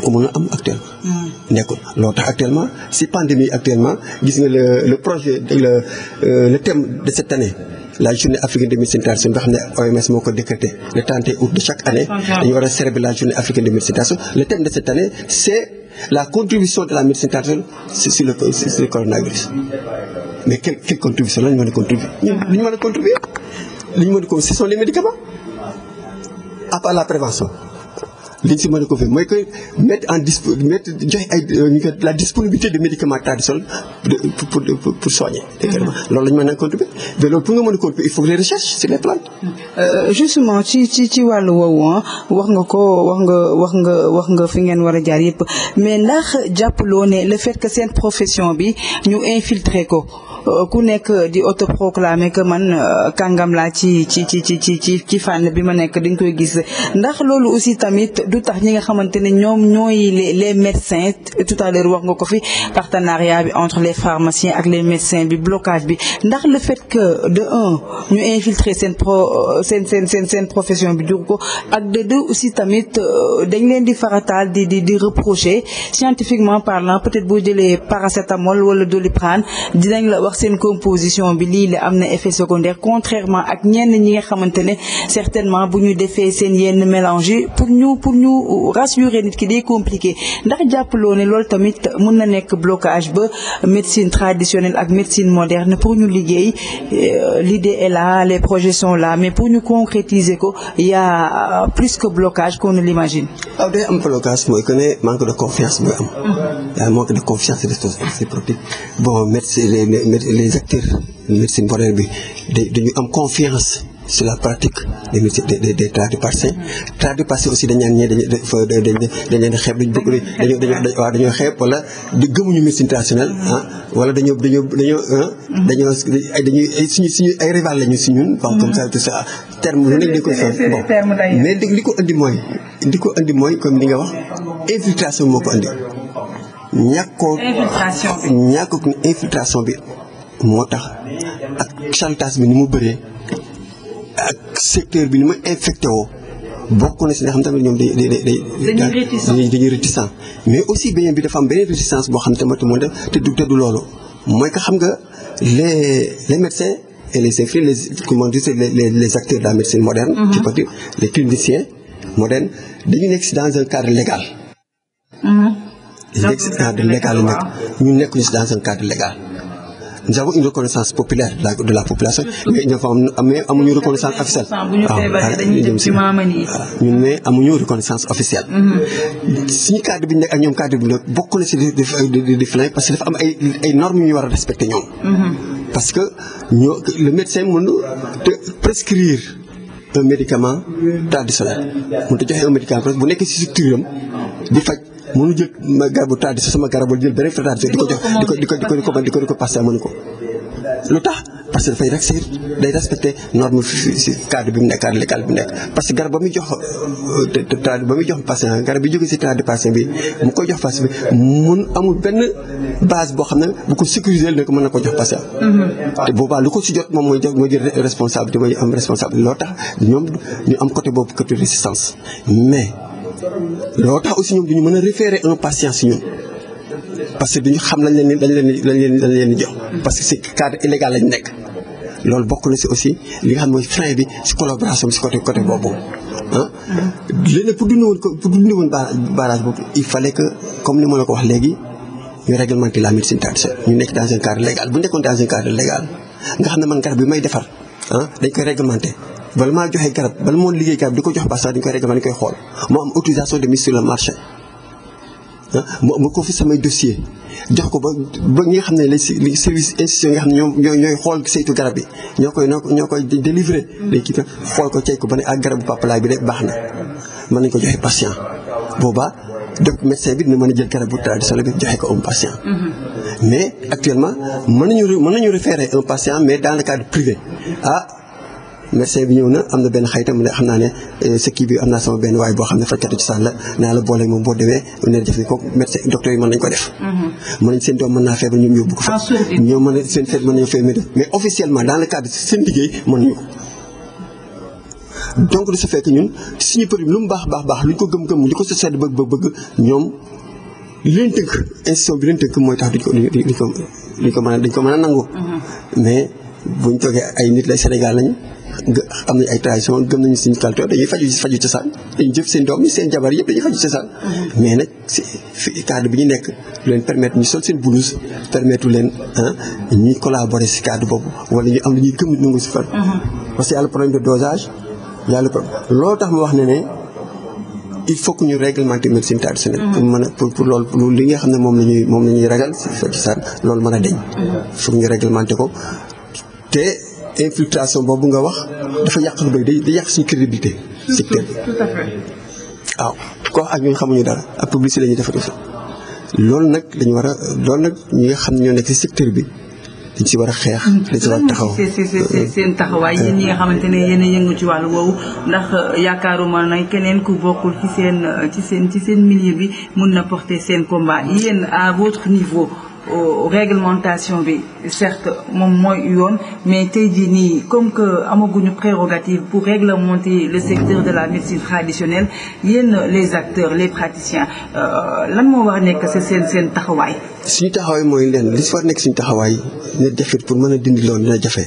pour que mën a am actuellement. Hmm. nekkul loo tax actuellement si pandémie actuellement gis nga le le projet le euh, le de cette année. la journée africaine de médecine traditionnelle nga xam ne OMS moo ko décrété le 31 août de chaque année. dañu war a célébrer la journée africaine de médecine traditionnelle le thème de cette année c' la contribution de la médecine traditionnelle sur le sur le coronavirus. mais quelle quelle contribution la ñu mën a contribuer. ñun li ñu a a li ñu si mën a ko fi mooy que mettre en dispo mettre joxe ay euh, la disponibilité de médicaments traditionnels pour pour pour soigner. Mm-hmm. également loolu la ñu mën a contribuer mais loolu pour nga mën a contribuer il faut les recherches sur les plantes. Euh, euh, justement ci ci ci wàllu woowu ah, wax nga ko wax nga wax nga wax nga fi ngeen war a jaar yëpp mais ndax jàppaloo ne le fait que seen profession bi ñu infiltrer ko. ku nekk di autoproclamer que man euh, kàngam laa ci ci ci ci ci ci fànn bi ma nekk dañ koy gis ndax loolu aussi tamit du tax ñi nga xamante ne ñoom ñooy le les médecins tout à l'heure wax nga ko fi partenariat bi entre les pharmaciens ak les médecins bi blocage bi ndax le fait que de un ñu infiltrer seen pro euh, seen seen seen seen profession bi jur ko ak de deux aussi tamit euh, dañ leen di farataal di di di reprocher scientifiquement parlant peut-être boo jëlee paracétamol wala doliprane dinañ la wax seen composition bi lii la am na effet secondaire contrairement ak ñenn ñi nga xamante ne certainement bu ñu defee seen yenn mélange pour ñu pour ñu rassurer nit ki day compliqué ndax jàppaloo ne loolu tamit mën na nekk blocage ba médecine traditionnelle ak médecine moderne pour ñu liggéey euh, l'idée est là les projets sont la mais pour ñu concrétiser ko y a euh, plus que blocage qu'on ne l'imagine. waaw ah, day am blocage mooy que ne manque de confiance mooy am. manque de confiance des ressources c'est propre les acteurs de médecine moderne bi dañu am confiance sur la pratique des médecins des des tradipraticiens tradipraticiens aussi dañu naan ñee dañu leen xeeb di gëmuñu médecine traditionnelle ah wala dañoo dañoo dañoo ah, dañoo ay dañuy lañu si ñun. bon comme ça tout ça terme lu nekk dañ ko soxla bon mais li ko andi mooy li ko andi mooy comme li nga wax infiltration moo ko andi. ñàkk ko ñàkk ko infiltration bi. moo tax ak chantage bi ni mu bëree ak secteur bi ni ma infecté woo bokk na si nga xam tamit ñoom dañuy dañuy dañuy réticent mais aussi beneen bi dafa am beneen résistance boo xam tamit moo def te du du loolu mooy que xam nga les les médecins et les infirmiers les dire les les acteurs de la médecine moderne. ci mhm. les cliniciens modernes dañu nekk si dans un cadre légal. Mhm. dañu nekk si ñu nekk ñu si dans un cadre légal. nous avons une reconnaissance populaire de la population mais dafa am ah, ah, amuñu reconnaissance officielle. ñun ne amuñu bi nekk ak ñoom cadre bi nag bokk na si di di parce que dafa am ay ay ñu war a respecter ñoom. Mm-hmm. parce que ñoo le médecin mën te prescrire un médicament traditionnel mën ta joxe un médicament bu nekk si structure di faj. mënu jël ma garabu taat si sama garabu jël beneen taat di ko jox di ko di ko di ko di ko di ko passé mënu ko. lu tax parce que dafay rek day respecté norme fii si cadre bi mu nekk cadre légal bi nekk parce que garab ba muy jox taat euh, ba muy jox patient garab bi jóge si taat patient bi mu koy jox patient bi mun amul benn base boo xam ne bu ko sécuriser ne ko mën na ko jox patient. Mm-hmm. te boobaa lu ko si jot moom mooy jox mooy jël responsabilité mooy am responsabilité loo tax ñoom ñu am côté boobu côté résistance mais. loo tax aussi ñoom du ñu mën a référer un patient si ñun parce que duñu xam lañ leen dañ leen dañ leen dañ leen jox parce que si cadre illégal lañ nekk loolu bokk na si aussi li nga xam mooy frein bi si collaboration si côté côté boobu ah léegi pour dund woon pour dund woon barrage boobu il comme ni ma la ko wax léegi ñu réglementer la médecine ñu nekk dans un cadre légal bu nekkoon dans un cadre nga xam ne man garab bi may defar ah dañ koy réglementer bala maa joxe garab bala moo liggéey garab di ko jox patient ma ah, ko fi samay dossier jox ko ba ba ñi nga xam ne les services institutions nga xam ne ñoom ñooy ñooy xool saytu garab bi ñoo koy ñoo koy délivrer. Mm. léegi kii tam xool ko cay ko ba ne ak ah, garabu papalaay bi de baax na mën nañu ko joxe patient boobaa donc bi dina mën a jël garabu traditionnel bi joxe ko un patient. Mm-hmm. mais actuellement mën nañu mën nañu référer un patient mais dans le cadre privé ah, médecin bi ñëw na am na benn xayta mu ne xam naa ne euh, sa kii bi am naa sama benn waay boo xam ne fajkatu ci saan la naa la boole moom boo demee ne def ni ko médecin docteur yi mën nañ ko def mm-hmm. mën nañ seen doom mën naa feebar ñoom yóbbu ko fa ñoom mën seen seet lu mu baax baax baax lu ko gëm-gëm li ko société bëgg bëgg bëgg bi leen tënk mooy ko duñ ko duñ ko mën a duñ ko mën a nangu mm-hmm. mais buñ toogee ay nit la Sénégal lañu am nañ ay tradition gëm nañu suñu culture dañuy faju faju cosaan dañuy jëf seen doom yi seen jabar yëpp dañuy faju cosaan mm-hmm. mais nag si cadre bi ñu nekk du leen permettre ñu sol seen blouse permettre leen ñu ñuy collaborer si cadre boobu wala ñu am lu ñuy gëm nangu si fan mm-hmm. parce que yàlla problème de dosage yàlla loolu tax ma wax ne ne il faut ñu réglementer médecine traditionnelle. Mm-hmm. pour mën a pour pour loolu li nga xam ne moom la ñuy moom la ñuy ragal cosaan loolu mën a deñ. foog ñu réglementer ko infiltration boobu nga wax dafa yàq lu bëri day day yàq suñu crédibilité secteur waaw ko ak ñu xamuñu dara ak publicité la ñuy defar loolu nag dañu war a loolu nag ñu nga xam ne ñoo nekk ci secteur bi dañ si war a xeex dañ si war a taxaw seen taxawaay yéen ñi nga xamante ne yéen a yëngu ci wàllu woowu ndax yaakaaruma na keneen ku bokkul ci seen ci seen ci seen milieu bi mun na porter seen combat yéen à votre niveau réglementation bi certes moom mooy yoon mais tey jii nii comme que amaguñu prérogative pour réglementer le secteur de la médecine traditionnelle yéen les acteurs les praticiens euh, lan moo war a nekk si seen seen taxawaay. suñu taxawaay mooy leen li si war nekk suñu taxawaay dina jafe pour mën a dindi loolu dina jafe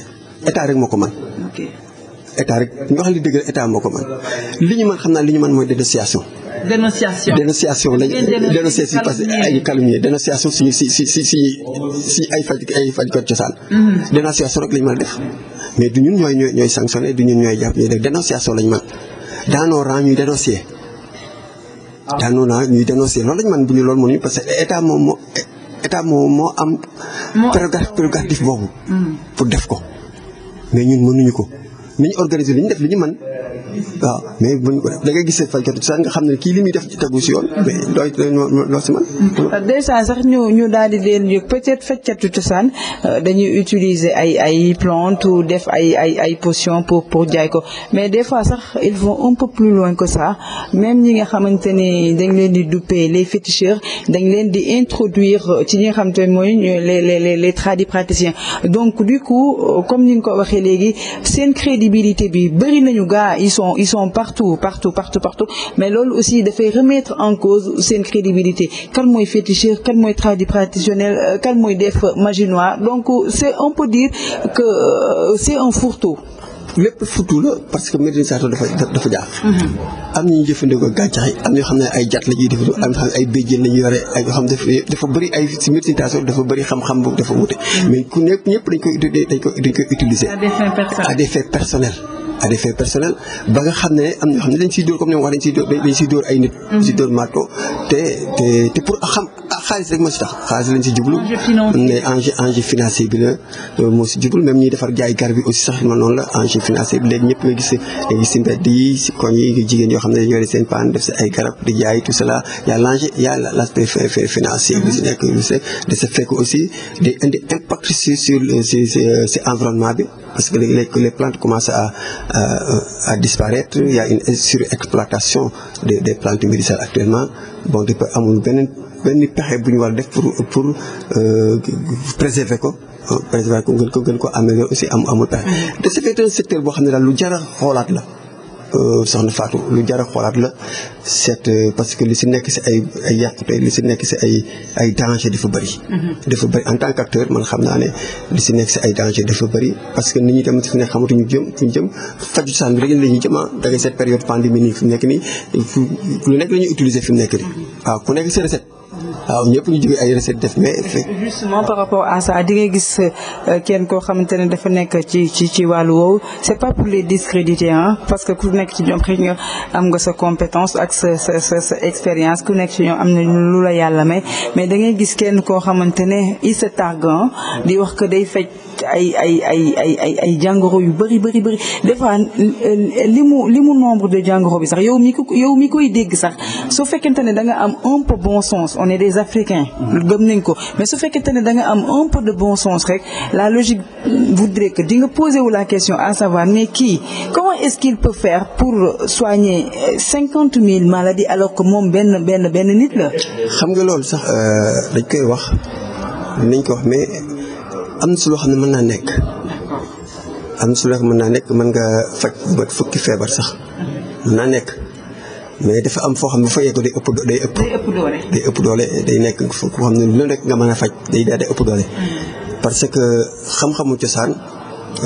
état rek moo ko man état rek ndox li dëgg état moo ko mën li ñu mën xam naa li ñu mën mooy dénonciation. dénonciation dénonciation lañ dénonciation parce que ay calomnie si si si si si ay faj ay fajkat cosaan. Mhm. dénonciation rek la ñu mën a def mais du ñun ñooy ñooy ñooy sanctionné du ñun ñooy jàpp ñuy def dénonciation ñu mën daanoo rang ñuy dénoncier. daanoo naa loolu lañ man bu ñu loolu mënuñu parce que état moom moo état moo moo am. prérogative prérogative boobu. Mhm. pour def ko mais ñun mënuñu ko. nañ organiser li ñu def li ñu mën waaw mais buñ da ngay gisee fajkatu cosaan nga xam ne kii li muy def ci tegu si ay ay ay ay pour pour jaay ko mais des fois sax ils vont un peu plus loin que ça même ñi nga xamante ne dañ leen di duppee les féticheurs dañ leen di introduire euh, ci ñi nga xamante ne mooy les les les tradipraticiens donc du coup euh, comme ni nga ko waxee léegi seen crédibilité bi bëri nañu gaa sont ils sont partout partout partout mais loolu aussi dafay remettre en cause seen crédibilité kan mooy féticheur kan mooy tradi traditionnel euh, kan mooy def magie noire donc c'est on peut dire que euh, c'est un fourre-tout lépp futu la parce que médianisation dafa dafa jaar. Mhm. am na ñuy jëfandikoo yi am na ñoo xam ne ay jat la ñuy jëfandikoo am xam ay béjjén la yore ay yoo xam ne dafa bëri ay si médianisation dafa bëri xam-xam boobu dafa wute. Mhm. mais ku nekk dañ koy dañ koy dañ koy utiliser. à des fins à des faits ba nga xam ne am na ñoo xam ne dañ siy dóor comme ñoom wax dañ siy ay nit. dañ siy dóor mm-hmm. marto te te pour xam ah, xaalis rek ma si tax xaalis lañ si jublu. mais enjeu enjeu financier bi la euh, moo si jublu même ñuy defar jaay garab yi aussi sax man noonu la enjeu financier bi léegi ñëpp gis si mbedd yi si koñ yi jigéen yoo xam ne yore seen paan def si ay garab di jaay tout cela y la l'enjeu y a l'aspect financier bi si mm-hmm. nekk de ce aussi day indi impact sur sur si euh, euh, environnement bi. parce que les, les plantes commencent à, à, euh, à, disparaître il y a une surexploitation des, des plantes médicales actuellement bon dafa amul beneen benn pexe bu ñu war def pour pour euh, préserver ko préserver ko gën ko gën ko améliorer aussi am amul pexe mm-hmm. de ce boo xam ne daal lu jar a xoolaat la Euh, soxna Fatou lu jar a xoolaat la seet euh, parce que li si nekk si ay ay yàqute li si nekk si ay ay danger dafa bëri. Mhm. dafa bëri en tant qu'acteur man xam naa ne li si nekk si ay danger dafa bëri parce que nit ñi tamit fi ne xamatuñu jëm fu ñu jëm faju saan bi rek la ñuy jëm ah da ngay seet période nii fi nekk nii lu nekk la ñuy utiliser nekk nii waaw mhm. ah, ku nekk si recette. waaw ñëpp ñu jógee ay recettes def mais. justement par rapport à ça di nga gis euh, kenn koo xamante ne dafa nekk ci ci ci wàllu woowu c'est pas pour les discréditer ah parce que ku nekk ci ñoom xëy nga am nga sa compétence ak sa sa expérience ku nekk ci ñoom am na lu la yàlla may mais da ngay gis kenn koo xamante ne il se targue di wax ko day faj. ay ay ay ay ay jàngoro yu bëri bëri bëri des fois li mu li mu nombre de jàngoro bi sax yow mi ko yow mi koy dégg sax su fekkente ne da nga am un peu bon sens on est des africains gëm nañ ko mais su fekkente ne da nga am un peu de bon sens rek la logique voudrait que di nga poser wu la question à savoir mais kii comment est-ce qu'il peut faire pour soigner cinquante mille maladies alors que moom benn benn benn nit la xam nga loolu sax euh, dañ koy wax nañ ko am na si loo xam ne mën naa nekk am na si loo xam ne mën naa nekk man nga faj ba fukki feebar sax mën naa nekk mais dafa am foo xam bu fa yegg ëpp day ëpp. ëpp doole day nekk foo xam ne lu rek nga mën day daal day mm. parce que xam-xamu cosaan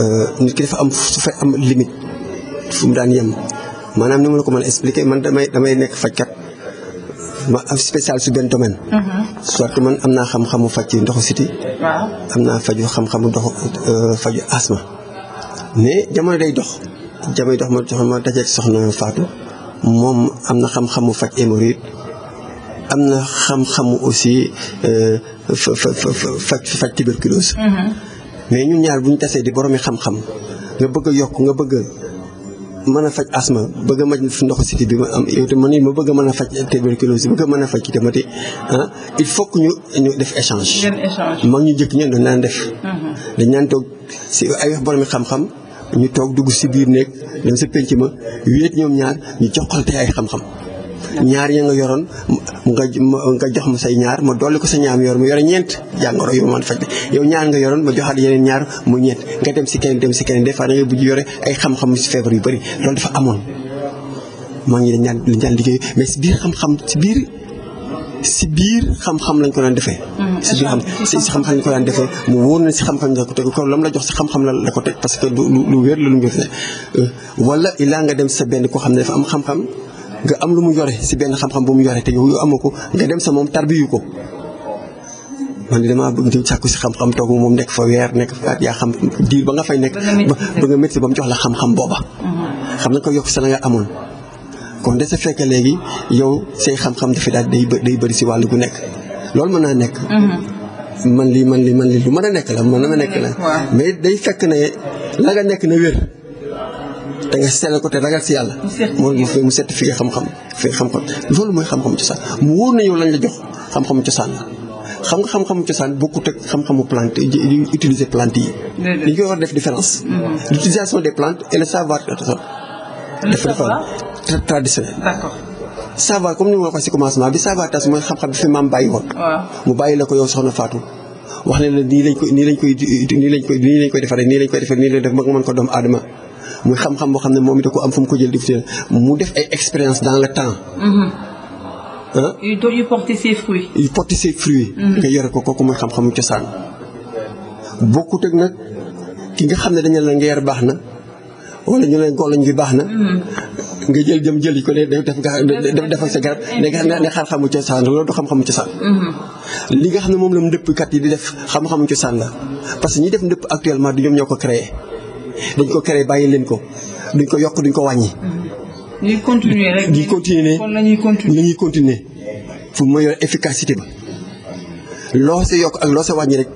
euh, nit ki dafa am su fa am limite fu mu daan yem maanaam ni ma la ko mën a expliquer man damay damay nekk fajkat. ma spécial su benn domaine. Mhm. soit man am naa xam-xamu faj ci ndoxu siti. waaw am naa faju xam-xamu ndoxu euh, faju asma. mais jamono day dox jamono dox ma jox ma dajeeg soxna Fatou moom am na xam-xamu faj hémorroïde am na xam-xamu aussi euh, fa fa fa faj tuberculose. Mhm. mais ñun ñaar bu ñu tasee di boromi xam-xam nga bëgg yokk nga bëgg man a faj asma bëgg a maj ndoxu siti bi ma am yow te man ma bëgg a mën a faj tuberculose bëgg a mën a faj itamati ah il faut ñu ñu def échange mag ñu jëkk ñeen dañ naan def mhm. dañ naan toog si ay borom xam-xam ñu toog dugg si biir néeg dem sa pénc ma wéet ñoom ñaar ñu joxante ay xam-xam ñaar ya nga yoroon nga jox ma say ñaar ma dolli ko sa ñaam yor mu yore ñeent jàngoro yu ma mën faj yow ñaar nga yoroon ma joxaat yeneen ñaar mu ñeent nga dem si keneen dem si da ngay bujj yore ay xam-xam si feebar yu bëri loolu dafa amoon biir si biir mm-hmm. xam-xam lañ ko daan defee. mu wóor na si xam-xam nga ko teg kon lam la jox si xam-xam la la ko teg parce que lu lu wér la lu wér la euh, wala ilaa nga dem sa benn koo xam ne dafa am xam-xam. nga am lu mu yore si benn xam-xam bu mu yore te yow amoo ko nga dem sa moom tarbiyu ko. man de damaa bëgg di si xam-xam toog moom nekk fa weer nekk fa at yaa xam diir ba nga fay nekk. ba nga mu jox la xam-xam booba. Mhm. xam na ko yokk sa la nga amoon. kon de sa fekkee léegi yow say xam-xam dafa daal day day bëri si wàll gu nekk loolu mën naa nekk. Mhm. man lii man lii man lii lu mën a nekk la mën na nekk la. mais day fekk ne la nga nekk na wér. te nga sell ko te ragal si yàlla. mu mu certifié xam-xam fi xam-xam loolu mooy xam-xam cosaan mu wóor na yow lañ la jox xam-xam cosaan la xam nga xam-xamu cosaan bokkut ak xam-xamu plante di utiliser plante yi. dañ koy war def différence. Mm-hmm. l'utilisation des plantes et le savoir dafa dafa comme ni ma la si commencement bi savoir tas mooy xam-xam bi fi maam bàyyi woon. mu bàyyi la ko yow soxna Fatou. wax ne lañ koy nii lañ koy nii lañ koy nii lañ koy defaree nii lañ koy defaree nii lañ koy def ba nga mën ko doomu aadama. muy xam-xam boo xam ne moom it ko am fu mu ko jël di mu def ay expérience dans le temps. ah. yu doon yu porter ses fruits. yu porter ses fruits. Mm-hmm. nga yore ko kooku mooy xam-xamu cosaan. bokkut ak nag ki nga xam ne dañu la ngeer baax na wala ñu leen goloñ bi baax na. Mm-hmm. nga jël jëm jëli ko ne def nga def ak sa garab ne ne xam-xamu cosaan la loolu du xam-xamu cosaan. Mm-hmm. li nga xam ne moom la ndëppkat yi di def xam-xamu cosaan la parce que ñi def ndëpp actuellement du ñoom ñoo ko créé. dañ ko créé bàyyi leen ko duñ ko yokk duñ ko wàññi. ñuy continuer rek. ñuy continuer kon la ñuy continuer la ñuy continuer loo sa yokk ak loo sa wàññi rek.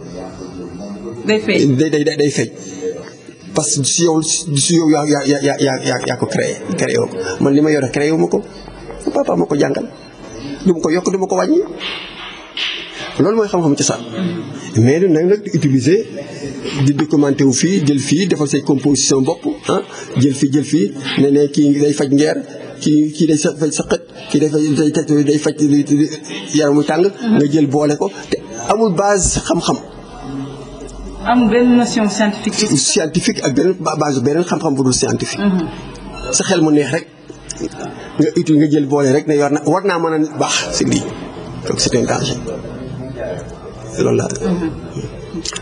day feeñ day day day parce que si yow si yow yaa yaa ko li ma yore créé ma ko papa ma ko yokk du ko wàññi loolu mooy xam-xam ci sax mm-hmm. mais nag nag di documenté wu fii jël fii defal say composition bopp ah, jël fii jël fii ne ne kii day faj ngeer kii kii day faj saqat kii day faj day faj yaramu tàng. nga jël boole ko te amul baase xam-xam. amul benn notion scientifique. scientifique ak benn base beneen xam-xam bu dul scientifique. Mhm. sa xel mu neex rek nga utile nga jël boole rek ne yor na war naa mën a baax si lii donc c'est un danger loolu la. Mhm.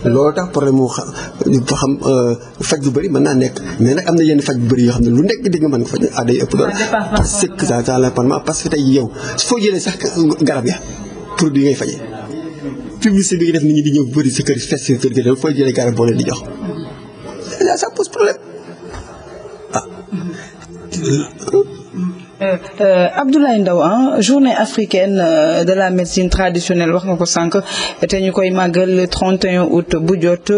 loolu tax problème mu xam euh, faj bu bëri mën naa nekk mais nag am na yenn faj bu bëri yoo xam ne lu nekk di nga mën ko faj ah day ëpp doole parce que ça ça dépend parce que tey yow foo jëlee sax garab ya produit ngay fajee publicité bi nga def nit ñi di ñëw bëri sa kër fees sa kër gi foo jëlee garab boo leen di jox ça pose problème ah. Euh, euh, Abdoulaye Ndao ah journée africaine euh, de la médecine traditionnelle wax nga ko sànq te ñu koy màggal le 31 août bu jot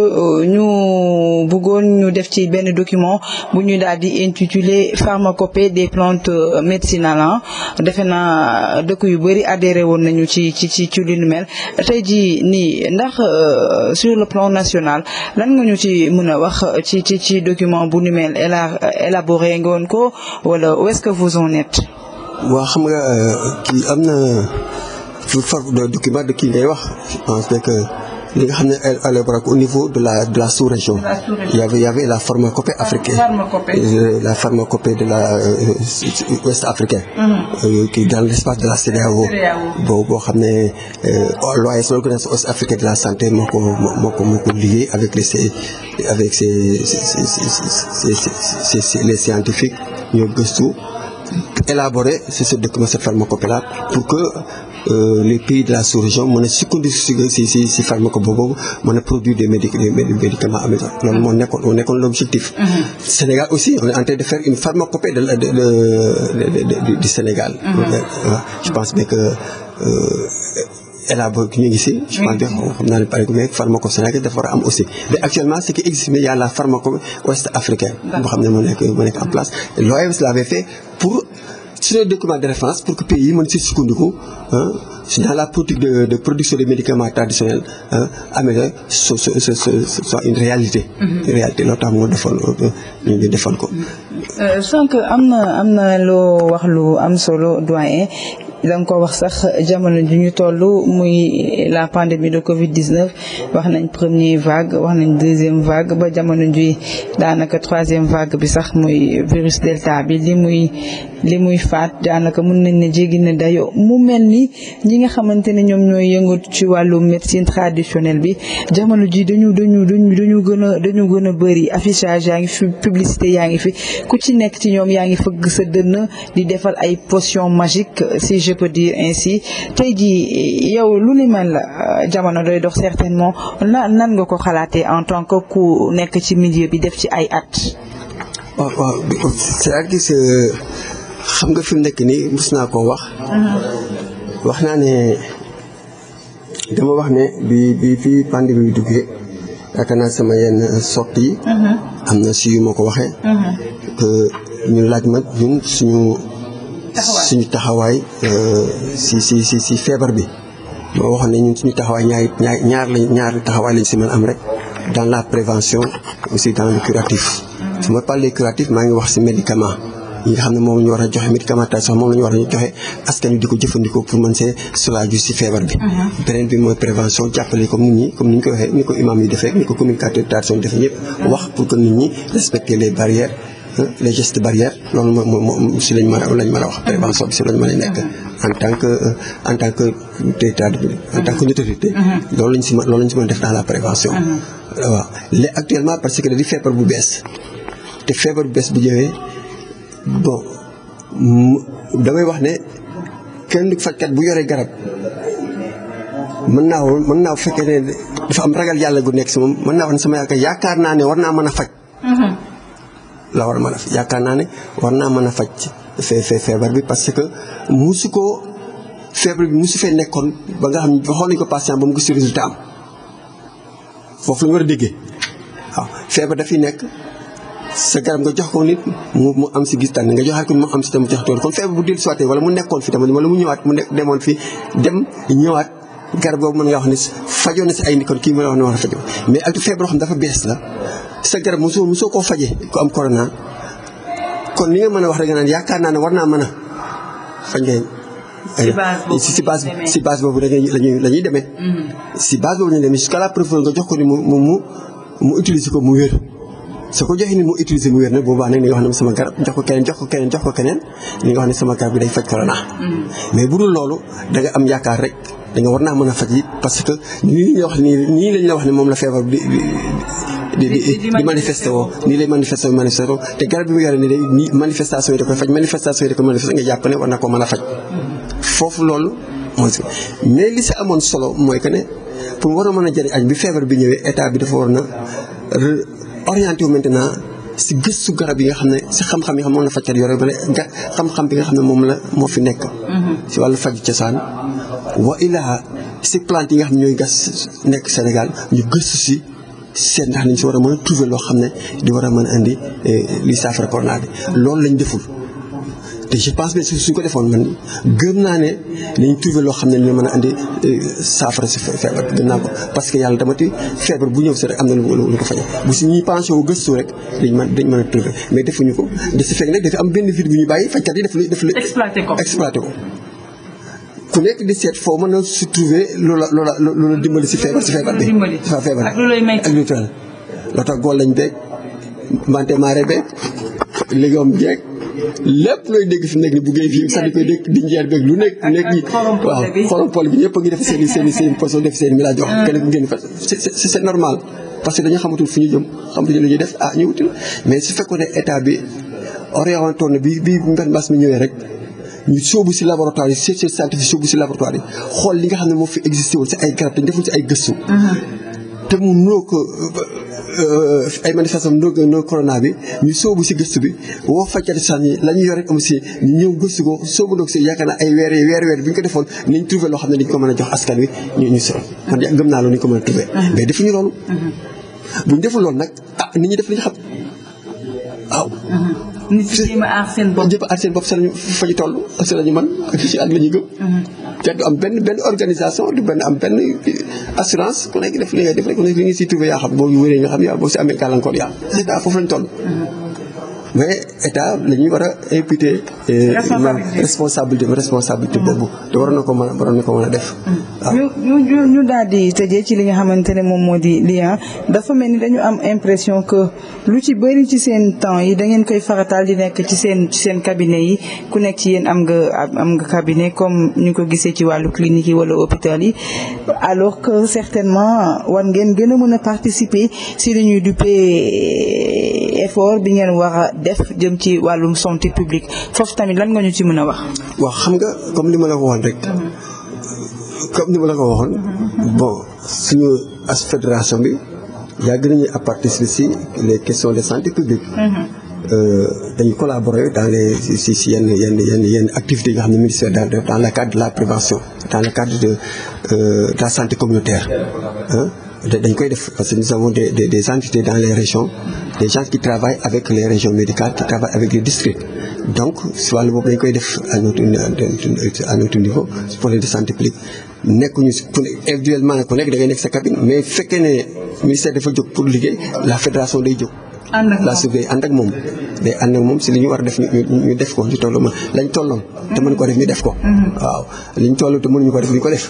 ñu bëggoon ñu def ci benn document bu ñu daal di intitulé pharmacopée des plantes médicinales defe naa dëkk yu bëri adhéré woon nañu ci ci ci ci li nu mel tey jii nii ndax sur le plan national lan nga ñu ci mën a wax ci ci ci document bu nu mel élaboré ngoon ko wala où est-ce que vous en êtes waa xam nga euh, kii am na lu far document de kii ngay wax je pense que li nga xam ne élaboré au niveau de la de la sous-région. de la la pharmacopée africaine. Euh, la pharmacopée de la euh, ouest africaine. Mhm. dans l'espace de la CEDEAO. boo boo xam ne l'OAS l'organisation ouest africaine de la santé moo ko moo avec les ses ñoo gëstu. élaborer ce document cette pharmacopée-là pour que euh, les pays de la sous-région mën a sukkandiku si si si pharmacopée boobu mën a produire des médic moo nekkoon l'objectif. Mm-hmm. Sénégal aussi on est en de faire une pharmacopée de Sénégal. je pense bien que. Euh, élaboré ñu ngi si je pense bien xam naa ne pare mais pharmaco Sénégal dafa a am aussi mais actuellement ce qui existe mais y a la pharmaco ouest africaine boo xam suñu document de référence pour que pays yi mën si sukkandiku dans la politique de de production des médicaments traditionnels américains so so so soit une réalité. Mhm. une réalité loolu tax moo defoon euh, ñu defoon ko. Euh, am na am na loo wax lu am solo doyen da nga ko wax sax jamono ji ñu toll muy la pandémie de Covid 19 wax nañ premier vague wax nañ deuxième vague ba jamono ji daanaka troisième vague bi sax muy virus delta bi li muy li muy faat daanaka mun nañ ne jéggi dayo mu mel ni ñi nga xamante ne ñoom ñooy yëngatu ci wàllu médecine traditionnelle bi jamono ji dañu dañu dañu dañu gën a dañu gën a bëri affichage yaa ngi fi publicité yaa ngi fi ku ci nekk ci ñoom yaa ngi fëgg sa dënn di defal ay potion magique si je peux ainsi tey jii yow lu ni la euh, jamono doy dox certainement na nan nga ko xalaatee en tant que ku nekk ci milieu bi def ci ay at. waaw gis xam nga fi mu nekk nii mos naa ko wax. Mhm. wax naa ne dama wax ne bi bi fii pandémie bi duggee yaakaar sama yenn sortie yi. Mhm. am na si yu ma ko waxee. Mhm. ñu laaj ma ñun suñu. suñu taxawaay euh, si si si si feebar bi moo wax ne ñun suñu taxawaay ñaari ñaari ñaar lañ ñaari taxawaay lañ si mën am rek dans la prévention aussi dans le curatif su ma parler curatif maa ngi wax si médicament yi nga xam ne moom ñu war a joxe médicament tay sax moom la ñu war a joxe askan wi di ko jëfandikoo pour mën see soulager si feebar bi mhm. beneen bi mooy prévention jàppale comme nit ñi comme ni ñu ko waxee ni ko imam yi defee ni ko communicateur traditionnel defee ñëpp wax pour les gestes barrières loolu moom moom si lañ a a wax prévention bi si lañ mën a mm-hmm. tant que euh, en tant que état en tant que autorité mm-hmm. loolu lañ a def dans mm-hmm. que da di feebar bu bees te feebar bu bees bu ñëwee bon damay wax ne kenn fajkat bu yoree garab mën naa woon mën naa fekkee ne nekk si moom mën naa wax ne sama yaakaar naa ne war naa mën a faj la war a mën a faj yaakaar naa ne war naa mën a faj fee feebar bi parce que musu ko feebar bi musu fee nekkoon ba nga xam ne ba xool nañu ko patient ba mu gis résultat am foofu la ñu war a déggee waaw feebar dafiy nekk sa garab nga jox ko nit mu am si gis tànn nga joxaat ko mu am si tam jox tool kon feebar bu dellu si waatee wala mu nekkoon fi tamit wala mu ñëwaat mu nekk demoon fi dem ñëwaat. garab boobu mën nga wax ni fajoon na si ay nit kon kii mën a wax ne a fajoo mais ak feebar xam dafa bees la sa garab mosoo mosoo koo kon li nga mën a wax rek nga yaakaar naa ne war naa mën a faj ngeen. si base si base boobu rek la ñuy la demee. si base boobu la ñuy demee mm-hmm. jusqu'à la jox ko ni mu mu mu mu utiliser ko mu wér. su ko joxee ni mu utiliser mu wér nag bu baax wax ne sama garab jox ko keneen jox ko keneen jox ko keneen li nga wax ne sama garab bi day faj corona. Mm-hmm. mais bu dul loolu da am yaakaar rek. dañoo war naa mën a faj it parce que nii la wax nii lañ la wax ne moom la feebar bi di di manifesté woo nii lay manifesté woo manifesté te garab bi mu yore ni day nii manifestation yi da koy faj manifestation yi da koy manifesté nga jàpp ne war na koo mën a faj foofu loolu mooy si mais li si amoon solo mooy que ne pour war a mën a jëriñ añ bi feebar bi ñëwee état bi dafa war na orienté wu maintenant si gëstu garab yi nga xam ne si xam-xam yi xam moom la fajkat yore ba ne xam-xam bi nga xam ne moom la moo fi nekk mm-hmm. si wàllu faj cosaan waa ilaa si plante yi nga xam ne ñooy gas nekk Sénégal ñu gëstu si seet ndax nañ si war a mën a trouver loo xam ne di war a mën a indi eh, li saafara corona bi loolu lañ deful te je pense que suñ ko defoon man gëm naa ne dañ trouvé loo xam ne dina mën a andi eh, saafara si feebar gëm naa ko parce que yàlla tamati feebar bu ñëw si rek am na lu ko faje bu si ñuy pensé wu gëstu rek dañ man dañ mën a trouvé mais defuñu ko de si fekk nag dafa am benn vide bu ñu bàyyi fajkat yi daf la daf la exploité ko ku nekk di seet foo mën a su trouver loola loola loola dimbali si feebar si feebar bi. fa feebar ak loolay may ak lu tax loo tax góor lañ beeg mbante dégg fi mu nekk bu ngay fi sax di koy dégg di njeer lu nekk. nekk yi waaw xorompol bi ñëpp def seen i seen i seen i poison def i milaaj wax ah. kenn ku génn fa normal parce que dañu xamatul fu ñu jëm xamatuñu lu ñuy def ah, ñu wutul su fekkoon ne état bi orienté woon bi bi mbas mi ñëwee rek. ñu sóobu si laboratoire yi chercheurs scientifiques sóobu si laboratoire yi xool li nga xam ne moo fi existé woon si ay garab te ñu defuñ si ay gëstu. Mm-hmm. Euh, bi ñu sóobu bi woo fajkati sax la ñu yore am si ñu ñëw gëstu ko sóobu ndoog si yaakaar bi ñu ko defoon a jox askan wi ñu ñu sol man gëm naa loolu ni ñu ko mën a mm-hmm. defuñu loolu mm-hmm. bu ñu deful loolu nag ah nit ñi def li ñu xam nit ñi jéem a sa lañu fa ñu toll ak sa lañu mën ak ci ak la ñu gëm du am benn benn organisation du benn am benn assurance ku nekk def li ngay def rek ku li nga siy trouvé yaa xam boo wéree nga xam yaa boo si amee gàllankoor yaa c'est ça foofu lañ toll mm-hmm. mais état la ñuy war a imputer. Euh, responsabilité responsabilité responsabilité mm-hmm. boobu. te waroon na ko mën a ko mën a def. Mm-hmm. waaw ñu ñu daal di tëjee ci li nga xamante ne moom moo di li lien dafa mel ni dañu am impression que lu ci bëri ci seen temps yi dangeen koy farataal di nekk ci seen ci seen cabinet yi ku nekk ci yéen am nga am nga cabinet comme ñu ko gisee ci wàllu clinique yi wala hôpital yi alors que certainement war ngeen gën a mën a participer si li ñuy duppee effort bi ngeen war a def jëm ci wàllum santé publique foofu tamit lan nga ñu ci mën a wax. waaw xam nga comme li ma la ko waxoon rek. comme ni ma la ko waxoon. bon suñu as bi yàgg nañu à participer si les questions de santé publique. Mhm. Euh, dañu collaborer dans les si si yenn yenn yenn yenn activités yi xam ne ministère daan def dans le cadre de la prévention dans le cadre de euh, la santé communautaire. dañ koy def parce que nous avons des, des des entités dans les régions des gens qui travaillent avec les régions médicales qui travaillent avec les districts donc si wàllu boobu dañ koy def a notre à notre niveau si problème de santé publique nekkuñu si ku nekk individuellement ku nekk da ngay nekk sa cabine mais fekkee ne ministère dafa jóg pour liggéey la fédération day jóg. ànd ak moom la su dee ànd ak moom de ànd ak moom si li ñu war a def ñu def ko ñu toll ma lañ tolloon. te mën ko def ñu def ko. Mm-hmm. waaw liñ toll te mënuñu ko def ñu ko def.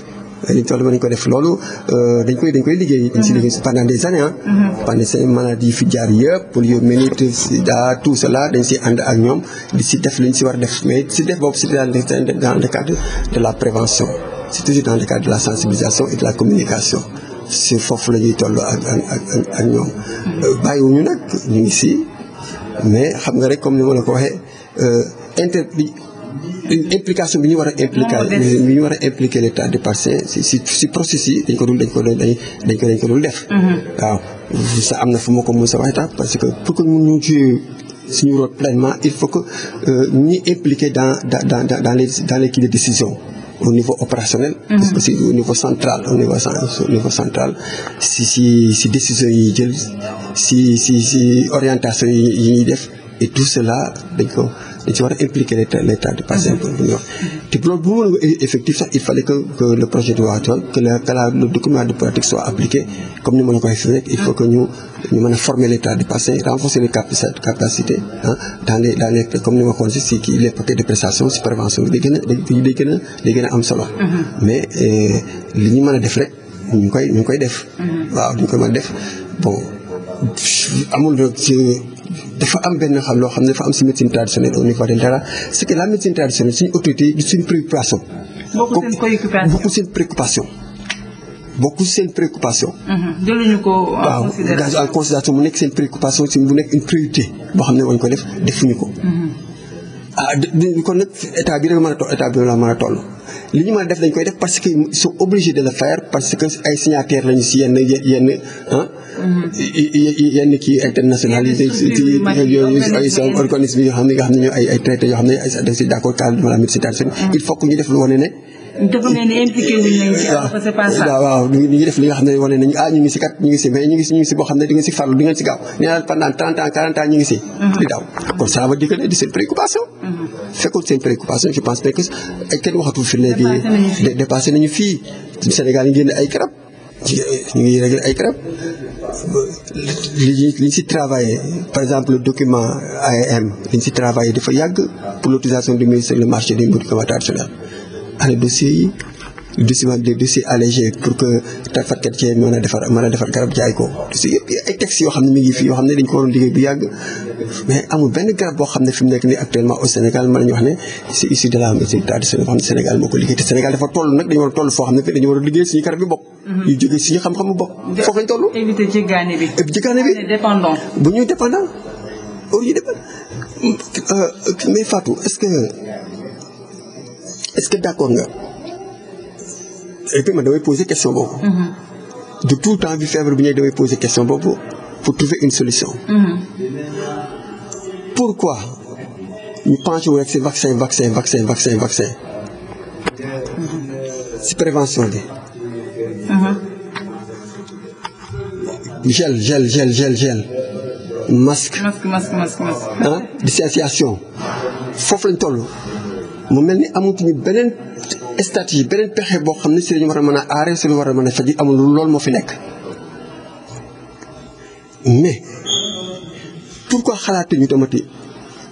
liñ toll mën nañ ko def loolu euh, dañ koy dañ koy liggéey. dañ si liggéey pendant des années ah. pendant seen maladie fi jaar yëpp polio méningite sida tout cela dañ si ànd ak ñoom di si def liñ si war def mais si def boobu si dans le cadre de la prévention c'est toujours dans le cadre de la sensibilisation et de la communication. si foofu la ñuy toll ak ak ak ñoom. Mm-hmm. Euh, bàyyiwuñu nag ñu ngi si mais xam nga rek comme ni ma la ko waxee euh, une implication bi ñu war a impliqué bi ñu de passé si si si processus yi dañ ko dul dañ ko dul dañ ko dañ ko dul def mhm. waaw sa am na fu ma ko mun sa waxtaan parce que pour que mun ñu jouer suñu rôle pleinement il faut que euh, ñi impliqué dans dans dans dans de décision au niveau opérationnel mhm. parce que si au niveau central au niveau central si si si décision yi jël si si si yi ñuy def et tout cela dañ ko da ci war a impliquer l'état l'état du passé pour ñu wax te loolu bu sax il fallait que que le projet de loi que la que la document de pratique soit appliqué comme ni ma la ko waxee rek il faut que ñu ñu a former l'état du passé renforcer les capacités ah dans les comme ni ma ko waxee si kii les paquets de si prévention bi gën a day gën a am solo mhm. mais euh, li ñu mën a def rek ñu ngi koy def mhm. waaw ñu koy mën a def bon dafa am benn xam loo xam ne dafa am si médecine traditionnelle au niveau de Ndara c'est que la médecine traditionnelle autorité yi suñu préoccupation. bokkul seen préoccupation seen préoccupation. Mhm. jëluñu ko en considération waaw en considération mu nekk seen préoccupation si nekk une priorité boo xam ne wañ ko def defuñu ko. Mhm. ah kon nag état bi rek mën a toll état bi la mën a toll li ñu mën a def dañ koy def parce que ils sont de le faire parce que ay signataires lañu si yenn yenn yenn kii internationalisé ci yooyu ay sa yoo xam ne nga xam ne ñoo ay ay yoo xam ne ay daf si d' accord cadre il faut que ñu def lu wane nañ waaw waaw ñu ngi def li nga xam ne wane nañu ah ñu ngi si kat ñu ngi si mais ñu ngi si ñu ngi si boo xam ne di nga si farlu di ngeen si gaaw nee naa trente ans quarante ans ñu ngi si mm-hmm. di daw kon ça veut di seen préoccupation mm-hmm. fekkoon seen préoccupation je pense que kenn li ñu si travaillé par exemple le document AEM li ñu si travaillé dafa yàgg pour l'autorisation du ministère du marché des médicaments traditionnels année dossiers yi dossier des dossiers allégés a defar mën a defar ko dossier yëpp ay textes yoo xam ne mi ngi fi yoo xam ne dañ ko waroon liggéey bu yàgg mais amul benn garab boo xam ne fi nekk nii actuellement au Sénégal mën nañu wax ne c'est issu de xam ne Sénégal moo ko liggéey te Sénégal dafa toll nag dañu war a toll foo xam ne dañu war a liggéey suñu garab bi Mhm. yu si suñu xam-xamu bopp. foofu lañ toll. éviter jéggaane bi. jéggaane bi bu ñuy dépendant au lieu de mais Fatou est que est-ce que d'accord nga. et puis man damay poser question boobu. Mhm. de tout temps bi feebar bi ñëwee damay poser question boobu pour trouver une solution. Mhm. pourquoi ñu penché wu si vaccin vaccin vaccin vaccin si prévention bi. Uh-huh. gel gel gel gel gel masque ah distanciation foofu lañ toll mu mel ni amatuñu beneen statu yi beneen pexe boo xam ne si lañu war a mën a aaree si lañu war a mën a faji amul loolu moo fi nekk mais pourquoi xalaate ñu tamati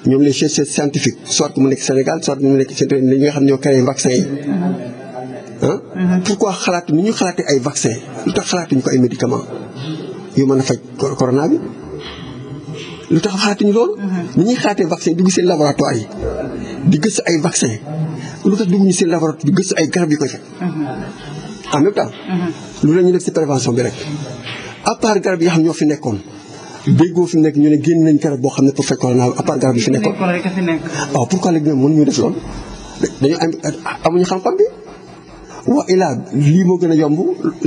ñoom les chercheurs scientifiques soit mu nekk Sénégal soit mu nekk seen li nga xam ne ñoo créé vaccin yi uh-huh. Euh, pourquoi xalaat ni ñu xalaatee ay vaccin lu tax xalaatuñu ko ay médicament yu mën a faj corona bi lu tax xalaatuñu loolu. Mhm. ni ñuy xalaatee vaccin dugg seen laboratoire yi di gëstu ay vaccin lu tax dugg ñu seen laboratoire di ay garab yu koy faj. Mhm. en même temps. Mhm. lu la ñu def si prévention bi rek à part garab yi xam ñoo fi nekkoon. déggoo fi nekk ñu ne génn nañ garab boo xam ne pour faj corona bi part garab yi fi nekkoon. waaw ah, pourquoi léegi ñoom mënuñu def loolu dañoo am amuñu wa ilaa lii moo gën a yomb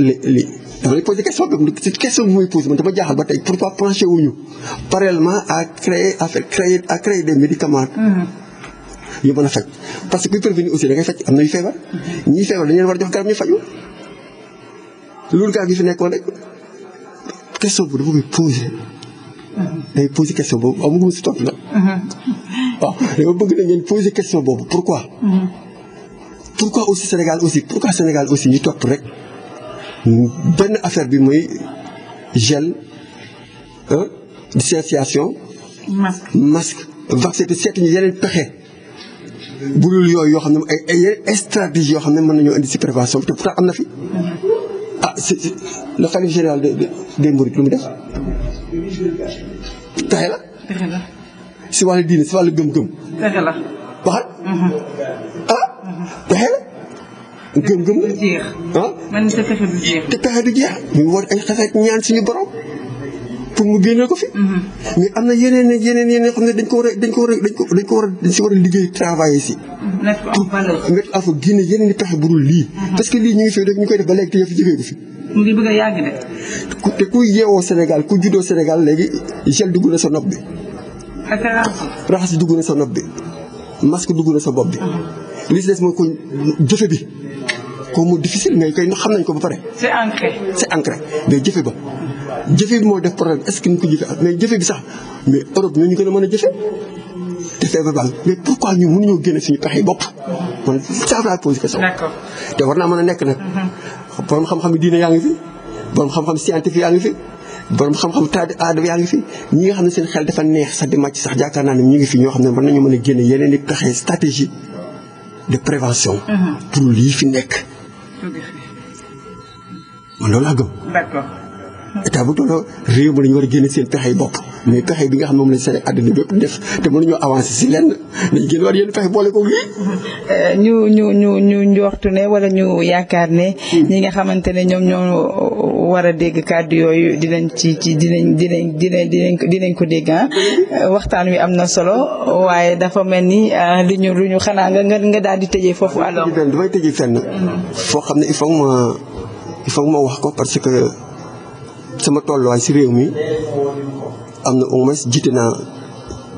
li li dama lay posé question bi muy posé man dama jaaxal ba tey pourquoi penché wuñu parallèlement à créer à faire créer à créer mm-hmm. yu mën a faj parce que kuy prévenir aussi da ngay faj am na yu feebar mm-hmm. ñiy feebar dañu leen war a jox garab ñu faju loolu garab yi fi nekkoon rek question bu dafa koy posé mm-hmm. day posé question boobu amaguma si tontu la dama bëgg na ngeen posé question boobu pourquoi pourquoi aussi Sénégal aussi pourquoi Sénégal aussi ñu topp rek benn affaire bi muy gel euh, distanciation. masque masque vaccin te seet ñu yeneen pexe. bu dul yooyu yoo xam ne ay yeneen stratégie yoo xam ne mën nañoo indi si prévention te pourtant am na fi. ah si le khalife général de des Mourides lu mu def. pexe la. si wàllu diine si wàllu gëm-gëm. pexe la waxal. Mhm. gëm-gëm. du jeex ah. man sa pexe du jeex. te pexe du jeex ñu war ay xefe ak ñaan suñu borom pour mu génne ko fi. Mhm. mais am na yeneen yeneen yeneen yoo xam ne dañ ko war a dañ ko war a dañ ko dañ ko war a dañ si war a liggéey travailler si. Mhm. mettre ko en valeur pour mettre en valeur génne yeneen i pexe bu dul lii. Mhm. parce que lii ñu ngi fi rek ñu koy def ba léegi te yow fi jëfee ko fi. mu ngi bëgg a yàgg de. te ku yeewoo Sénégal ku juddoo Sénégal léegi gel dugg na sa nopp bi. ak raxas. raxas dugg na sa nopp bi masque dugg na sa bopp bi. li si des mooy ko jëfe bi. xaw ma difficile mais kay xam nañ ko ba pare. c'est ancré. c'est ancré mais jëfe ba jëfe bi moo def problème est-ce que ñu ko jëfe bi sax mais Europe ñoo gën a mën a jëfe te feebar baa mais pourquoi ñu mënuñoo génne suñu pexe bopp man ça va poser question. d'accord te war naa a nekk mhm. fi borom xam-xam scientifique yaa ngi fi. borom ne seen xel dafa neex sax di màcc sax jaakaar naa ne ñu ngi fi ñoo xam nañu mën a génne yeneen i pexe stratégie de prévention. Mhm. pour lii fi nekk. man loolu laa gëm. d'accord. Mmh. état bu tolloo réew mi la war a génne seen pexe bopp mais pexe bi nga xam moom lañ seen àddina bépp def te ñoo avancer si lenn dañ génn war yenn pexe boole ko lii. Mmh. Euh, ñu ñu ñu ñu njoxtu ne wala ñu yaakaar ne. Mmh. ñi nga xamante ne ñoom ñoo war a dégg kàddu yooyu dinañ ci ci dinañ dinañ dinañ dinañ ko dinañ ko dégg ah. waxtaan wi am na solo waaye dafa mel ni ah, li ñu lu ñu xanaa nga nga nga daal di tëje foofu alors. damay tëjee fenn. foo xam ne il faut ma il faut ma wax ko parce que. sama tolluwaay si réew mi am na au moins jiite naa.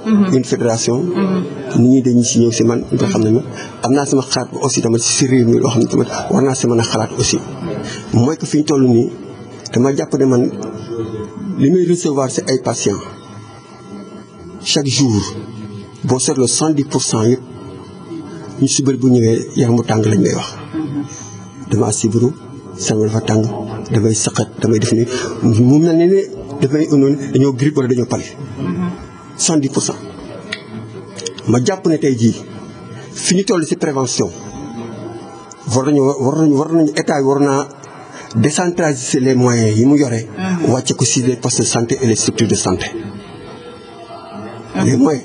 Mhm. une fédération. Mhm. nit ñi dañuy si ñëw si man nga xam ne ma am naa sama xalaat aussi dama si réew mi loo xam ne tamit xalaat aussi. mooy que fi ñu toll nii dama jàpp ne man li may recevoir si ay patients chaque jour boo seetloo cent dix pour cent yëpp ñu si bëri bu ñëwee yaramu tàng lañ may wax. Mhm. damaa sibiru sama dafa tàng. damay saqat damay def ni mu mel ne ne dafay noonu dañoo grippe wala dañoo pali cent ma jàpp ne tey jii fi ñu toll si prévention war nañu war nañu war nañu état yi war naa décentraliser les moyens yi mu yore. wàcce ko si les postes de santé et les structures de santé. les moyens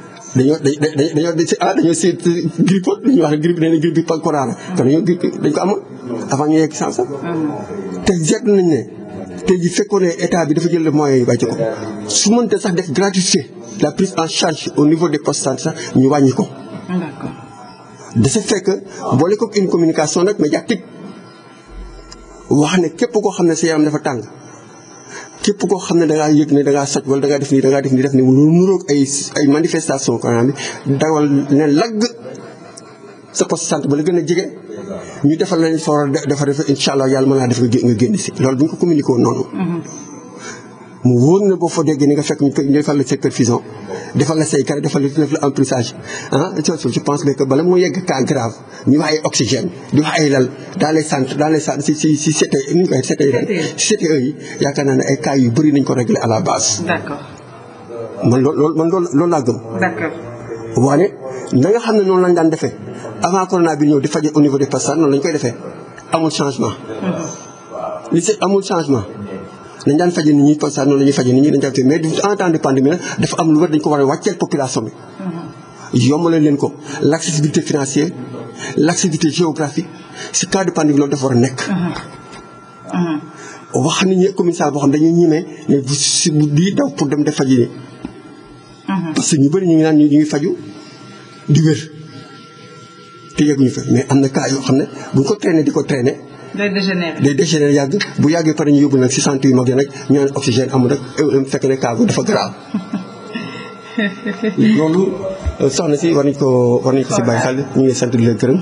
dañoo dañoo dañoo ah dañoo seet grippe dañuy wax ne grippe nee na grippe corona la te dañoo grippe dañ ko amoon avant ñu yegg sans sax te seet nañ ne tey jii fekkoon ne état bi dafa jël le moyen yu bàyyi ko su mënte sax def gratuité la prise en charge au niveau des postes santé sax ñu wàññi ko. d'accord de ce fait que boole ko une communication nag médiatique wax ne képp koo xam ne sa yaram dafa tàng. képp ko xam ne da ngaa yëg ne da ngaa soj wala da ngaa def nii da ngaa def nii def nii lu nuroog ay ay manifestation bi dawal ne lagg sa poste santé ba la gën a jege ñu defal lañ fa war a defar defa incha allah yàlla ma naa def nga génn si loolu bu ñu ko communiqué noonu mm-hmm. mu wóor na boo fa déggee ni nga fekk ñu defal la supervision defal la say kare defal la def la emplissage ah je pense que bala mu yegg cas grave ñu wax ay oxygène di wax ay lal dans les centres dans les centres si si si CTE ñu koy CTE yi yaakaar naa ne ay cas yu bëri nañ ko régler à la base. d'accord man loolu man loolu loolu laa gëm. d'accord waaye na nga xam ne noonu lañ daan defee avant corona bi ñëw di faje au niveau des passages noonu lañ koy defee amul changement. Mm-hmm. li si amul changement. dañ daan faje nit ñi parce que noonu la ñuy faje ñi dañ daan mais en temps de pandémie nag dafa am lu war dañ ko war a wàcceel population bi mm-hmm. yombalal leen ko l' accessibilité financière l' accessibilité géographique si cas de pandémie loolu dafa war a nekk mm-hmm. Mm-hmm. wax nañu commissaire boo xam dañuy ñimee ne bu si bu di daw pour dem def faji ni parce que ñu bëri ñu ngi naan ñu ngi faju di wér te yegguñu fa mais am na cas yoo xam ne buñ ko traîner di ko traîner day dégénérer day dégénérer yàgg bu yàggee pare ñu yóbbu nag si centre yu mag yi nag ñu naan oxygène amul rek fekk ne cas dafa grave. loolu euh, soxna si war nañ ko war nañ ko si bàyyi xel ñu ngi sant di leen gërëm.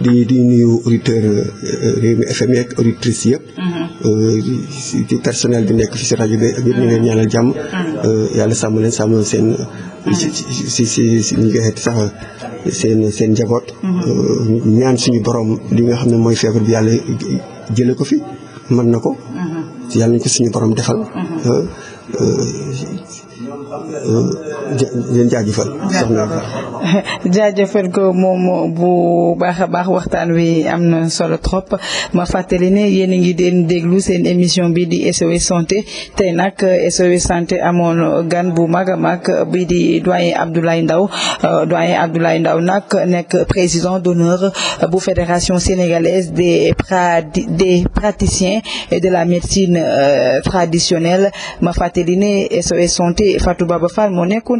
di di nuyu auditeur euh, Rewmi FM yeeg auditrices yëpp. Mm-hmm. Euh, personnel bi nekk fi si rajo bi yëpp ñaanal jàmm. Mm-hmm. Euh, yàlla sàmm leen sàmm seen. si mm-hmm. seen seen njaboot. ñaan suñu borom li nga xam ne mooy feebar bi yàlla jële ko fi mën na ko. yàlla nañ ko suñu borom defal. leen jaajëfal soxna jaajëfal ko moom bu baax a baax waxtaan wi am na solo trop ma fàttali ne yéen a ngi den déglu seen émission bi di SOS santé tey nag SOS santé amoon gan bu mag a mag bi di doyen Abdoulaye Ndao euh, doyen Abdoulaye Ndao nag nekk président d'honneur bu fédération sénégalaise des des praticiens de la médecine euh, traditionnelle ma fàttali ne SOS santé Fatou Baba Fall moo nekkoon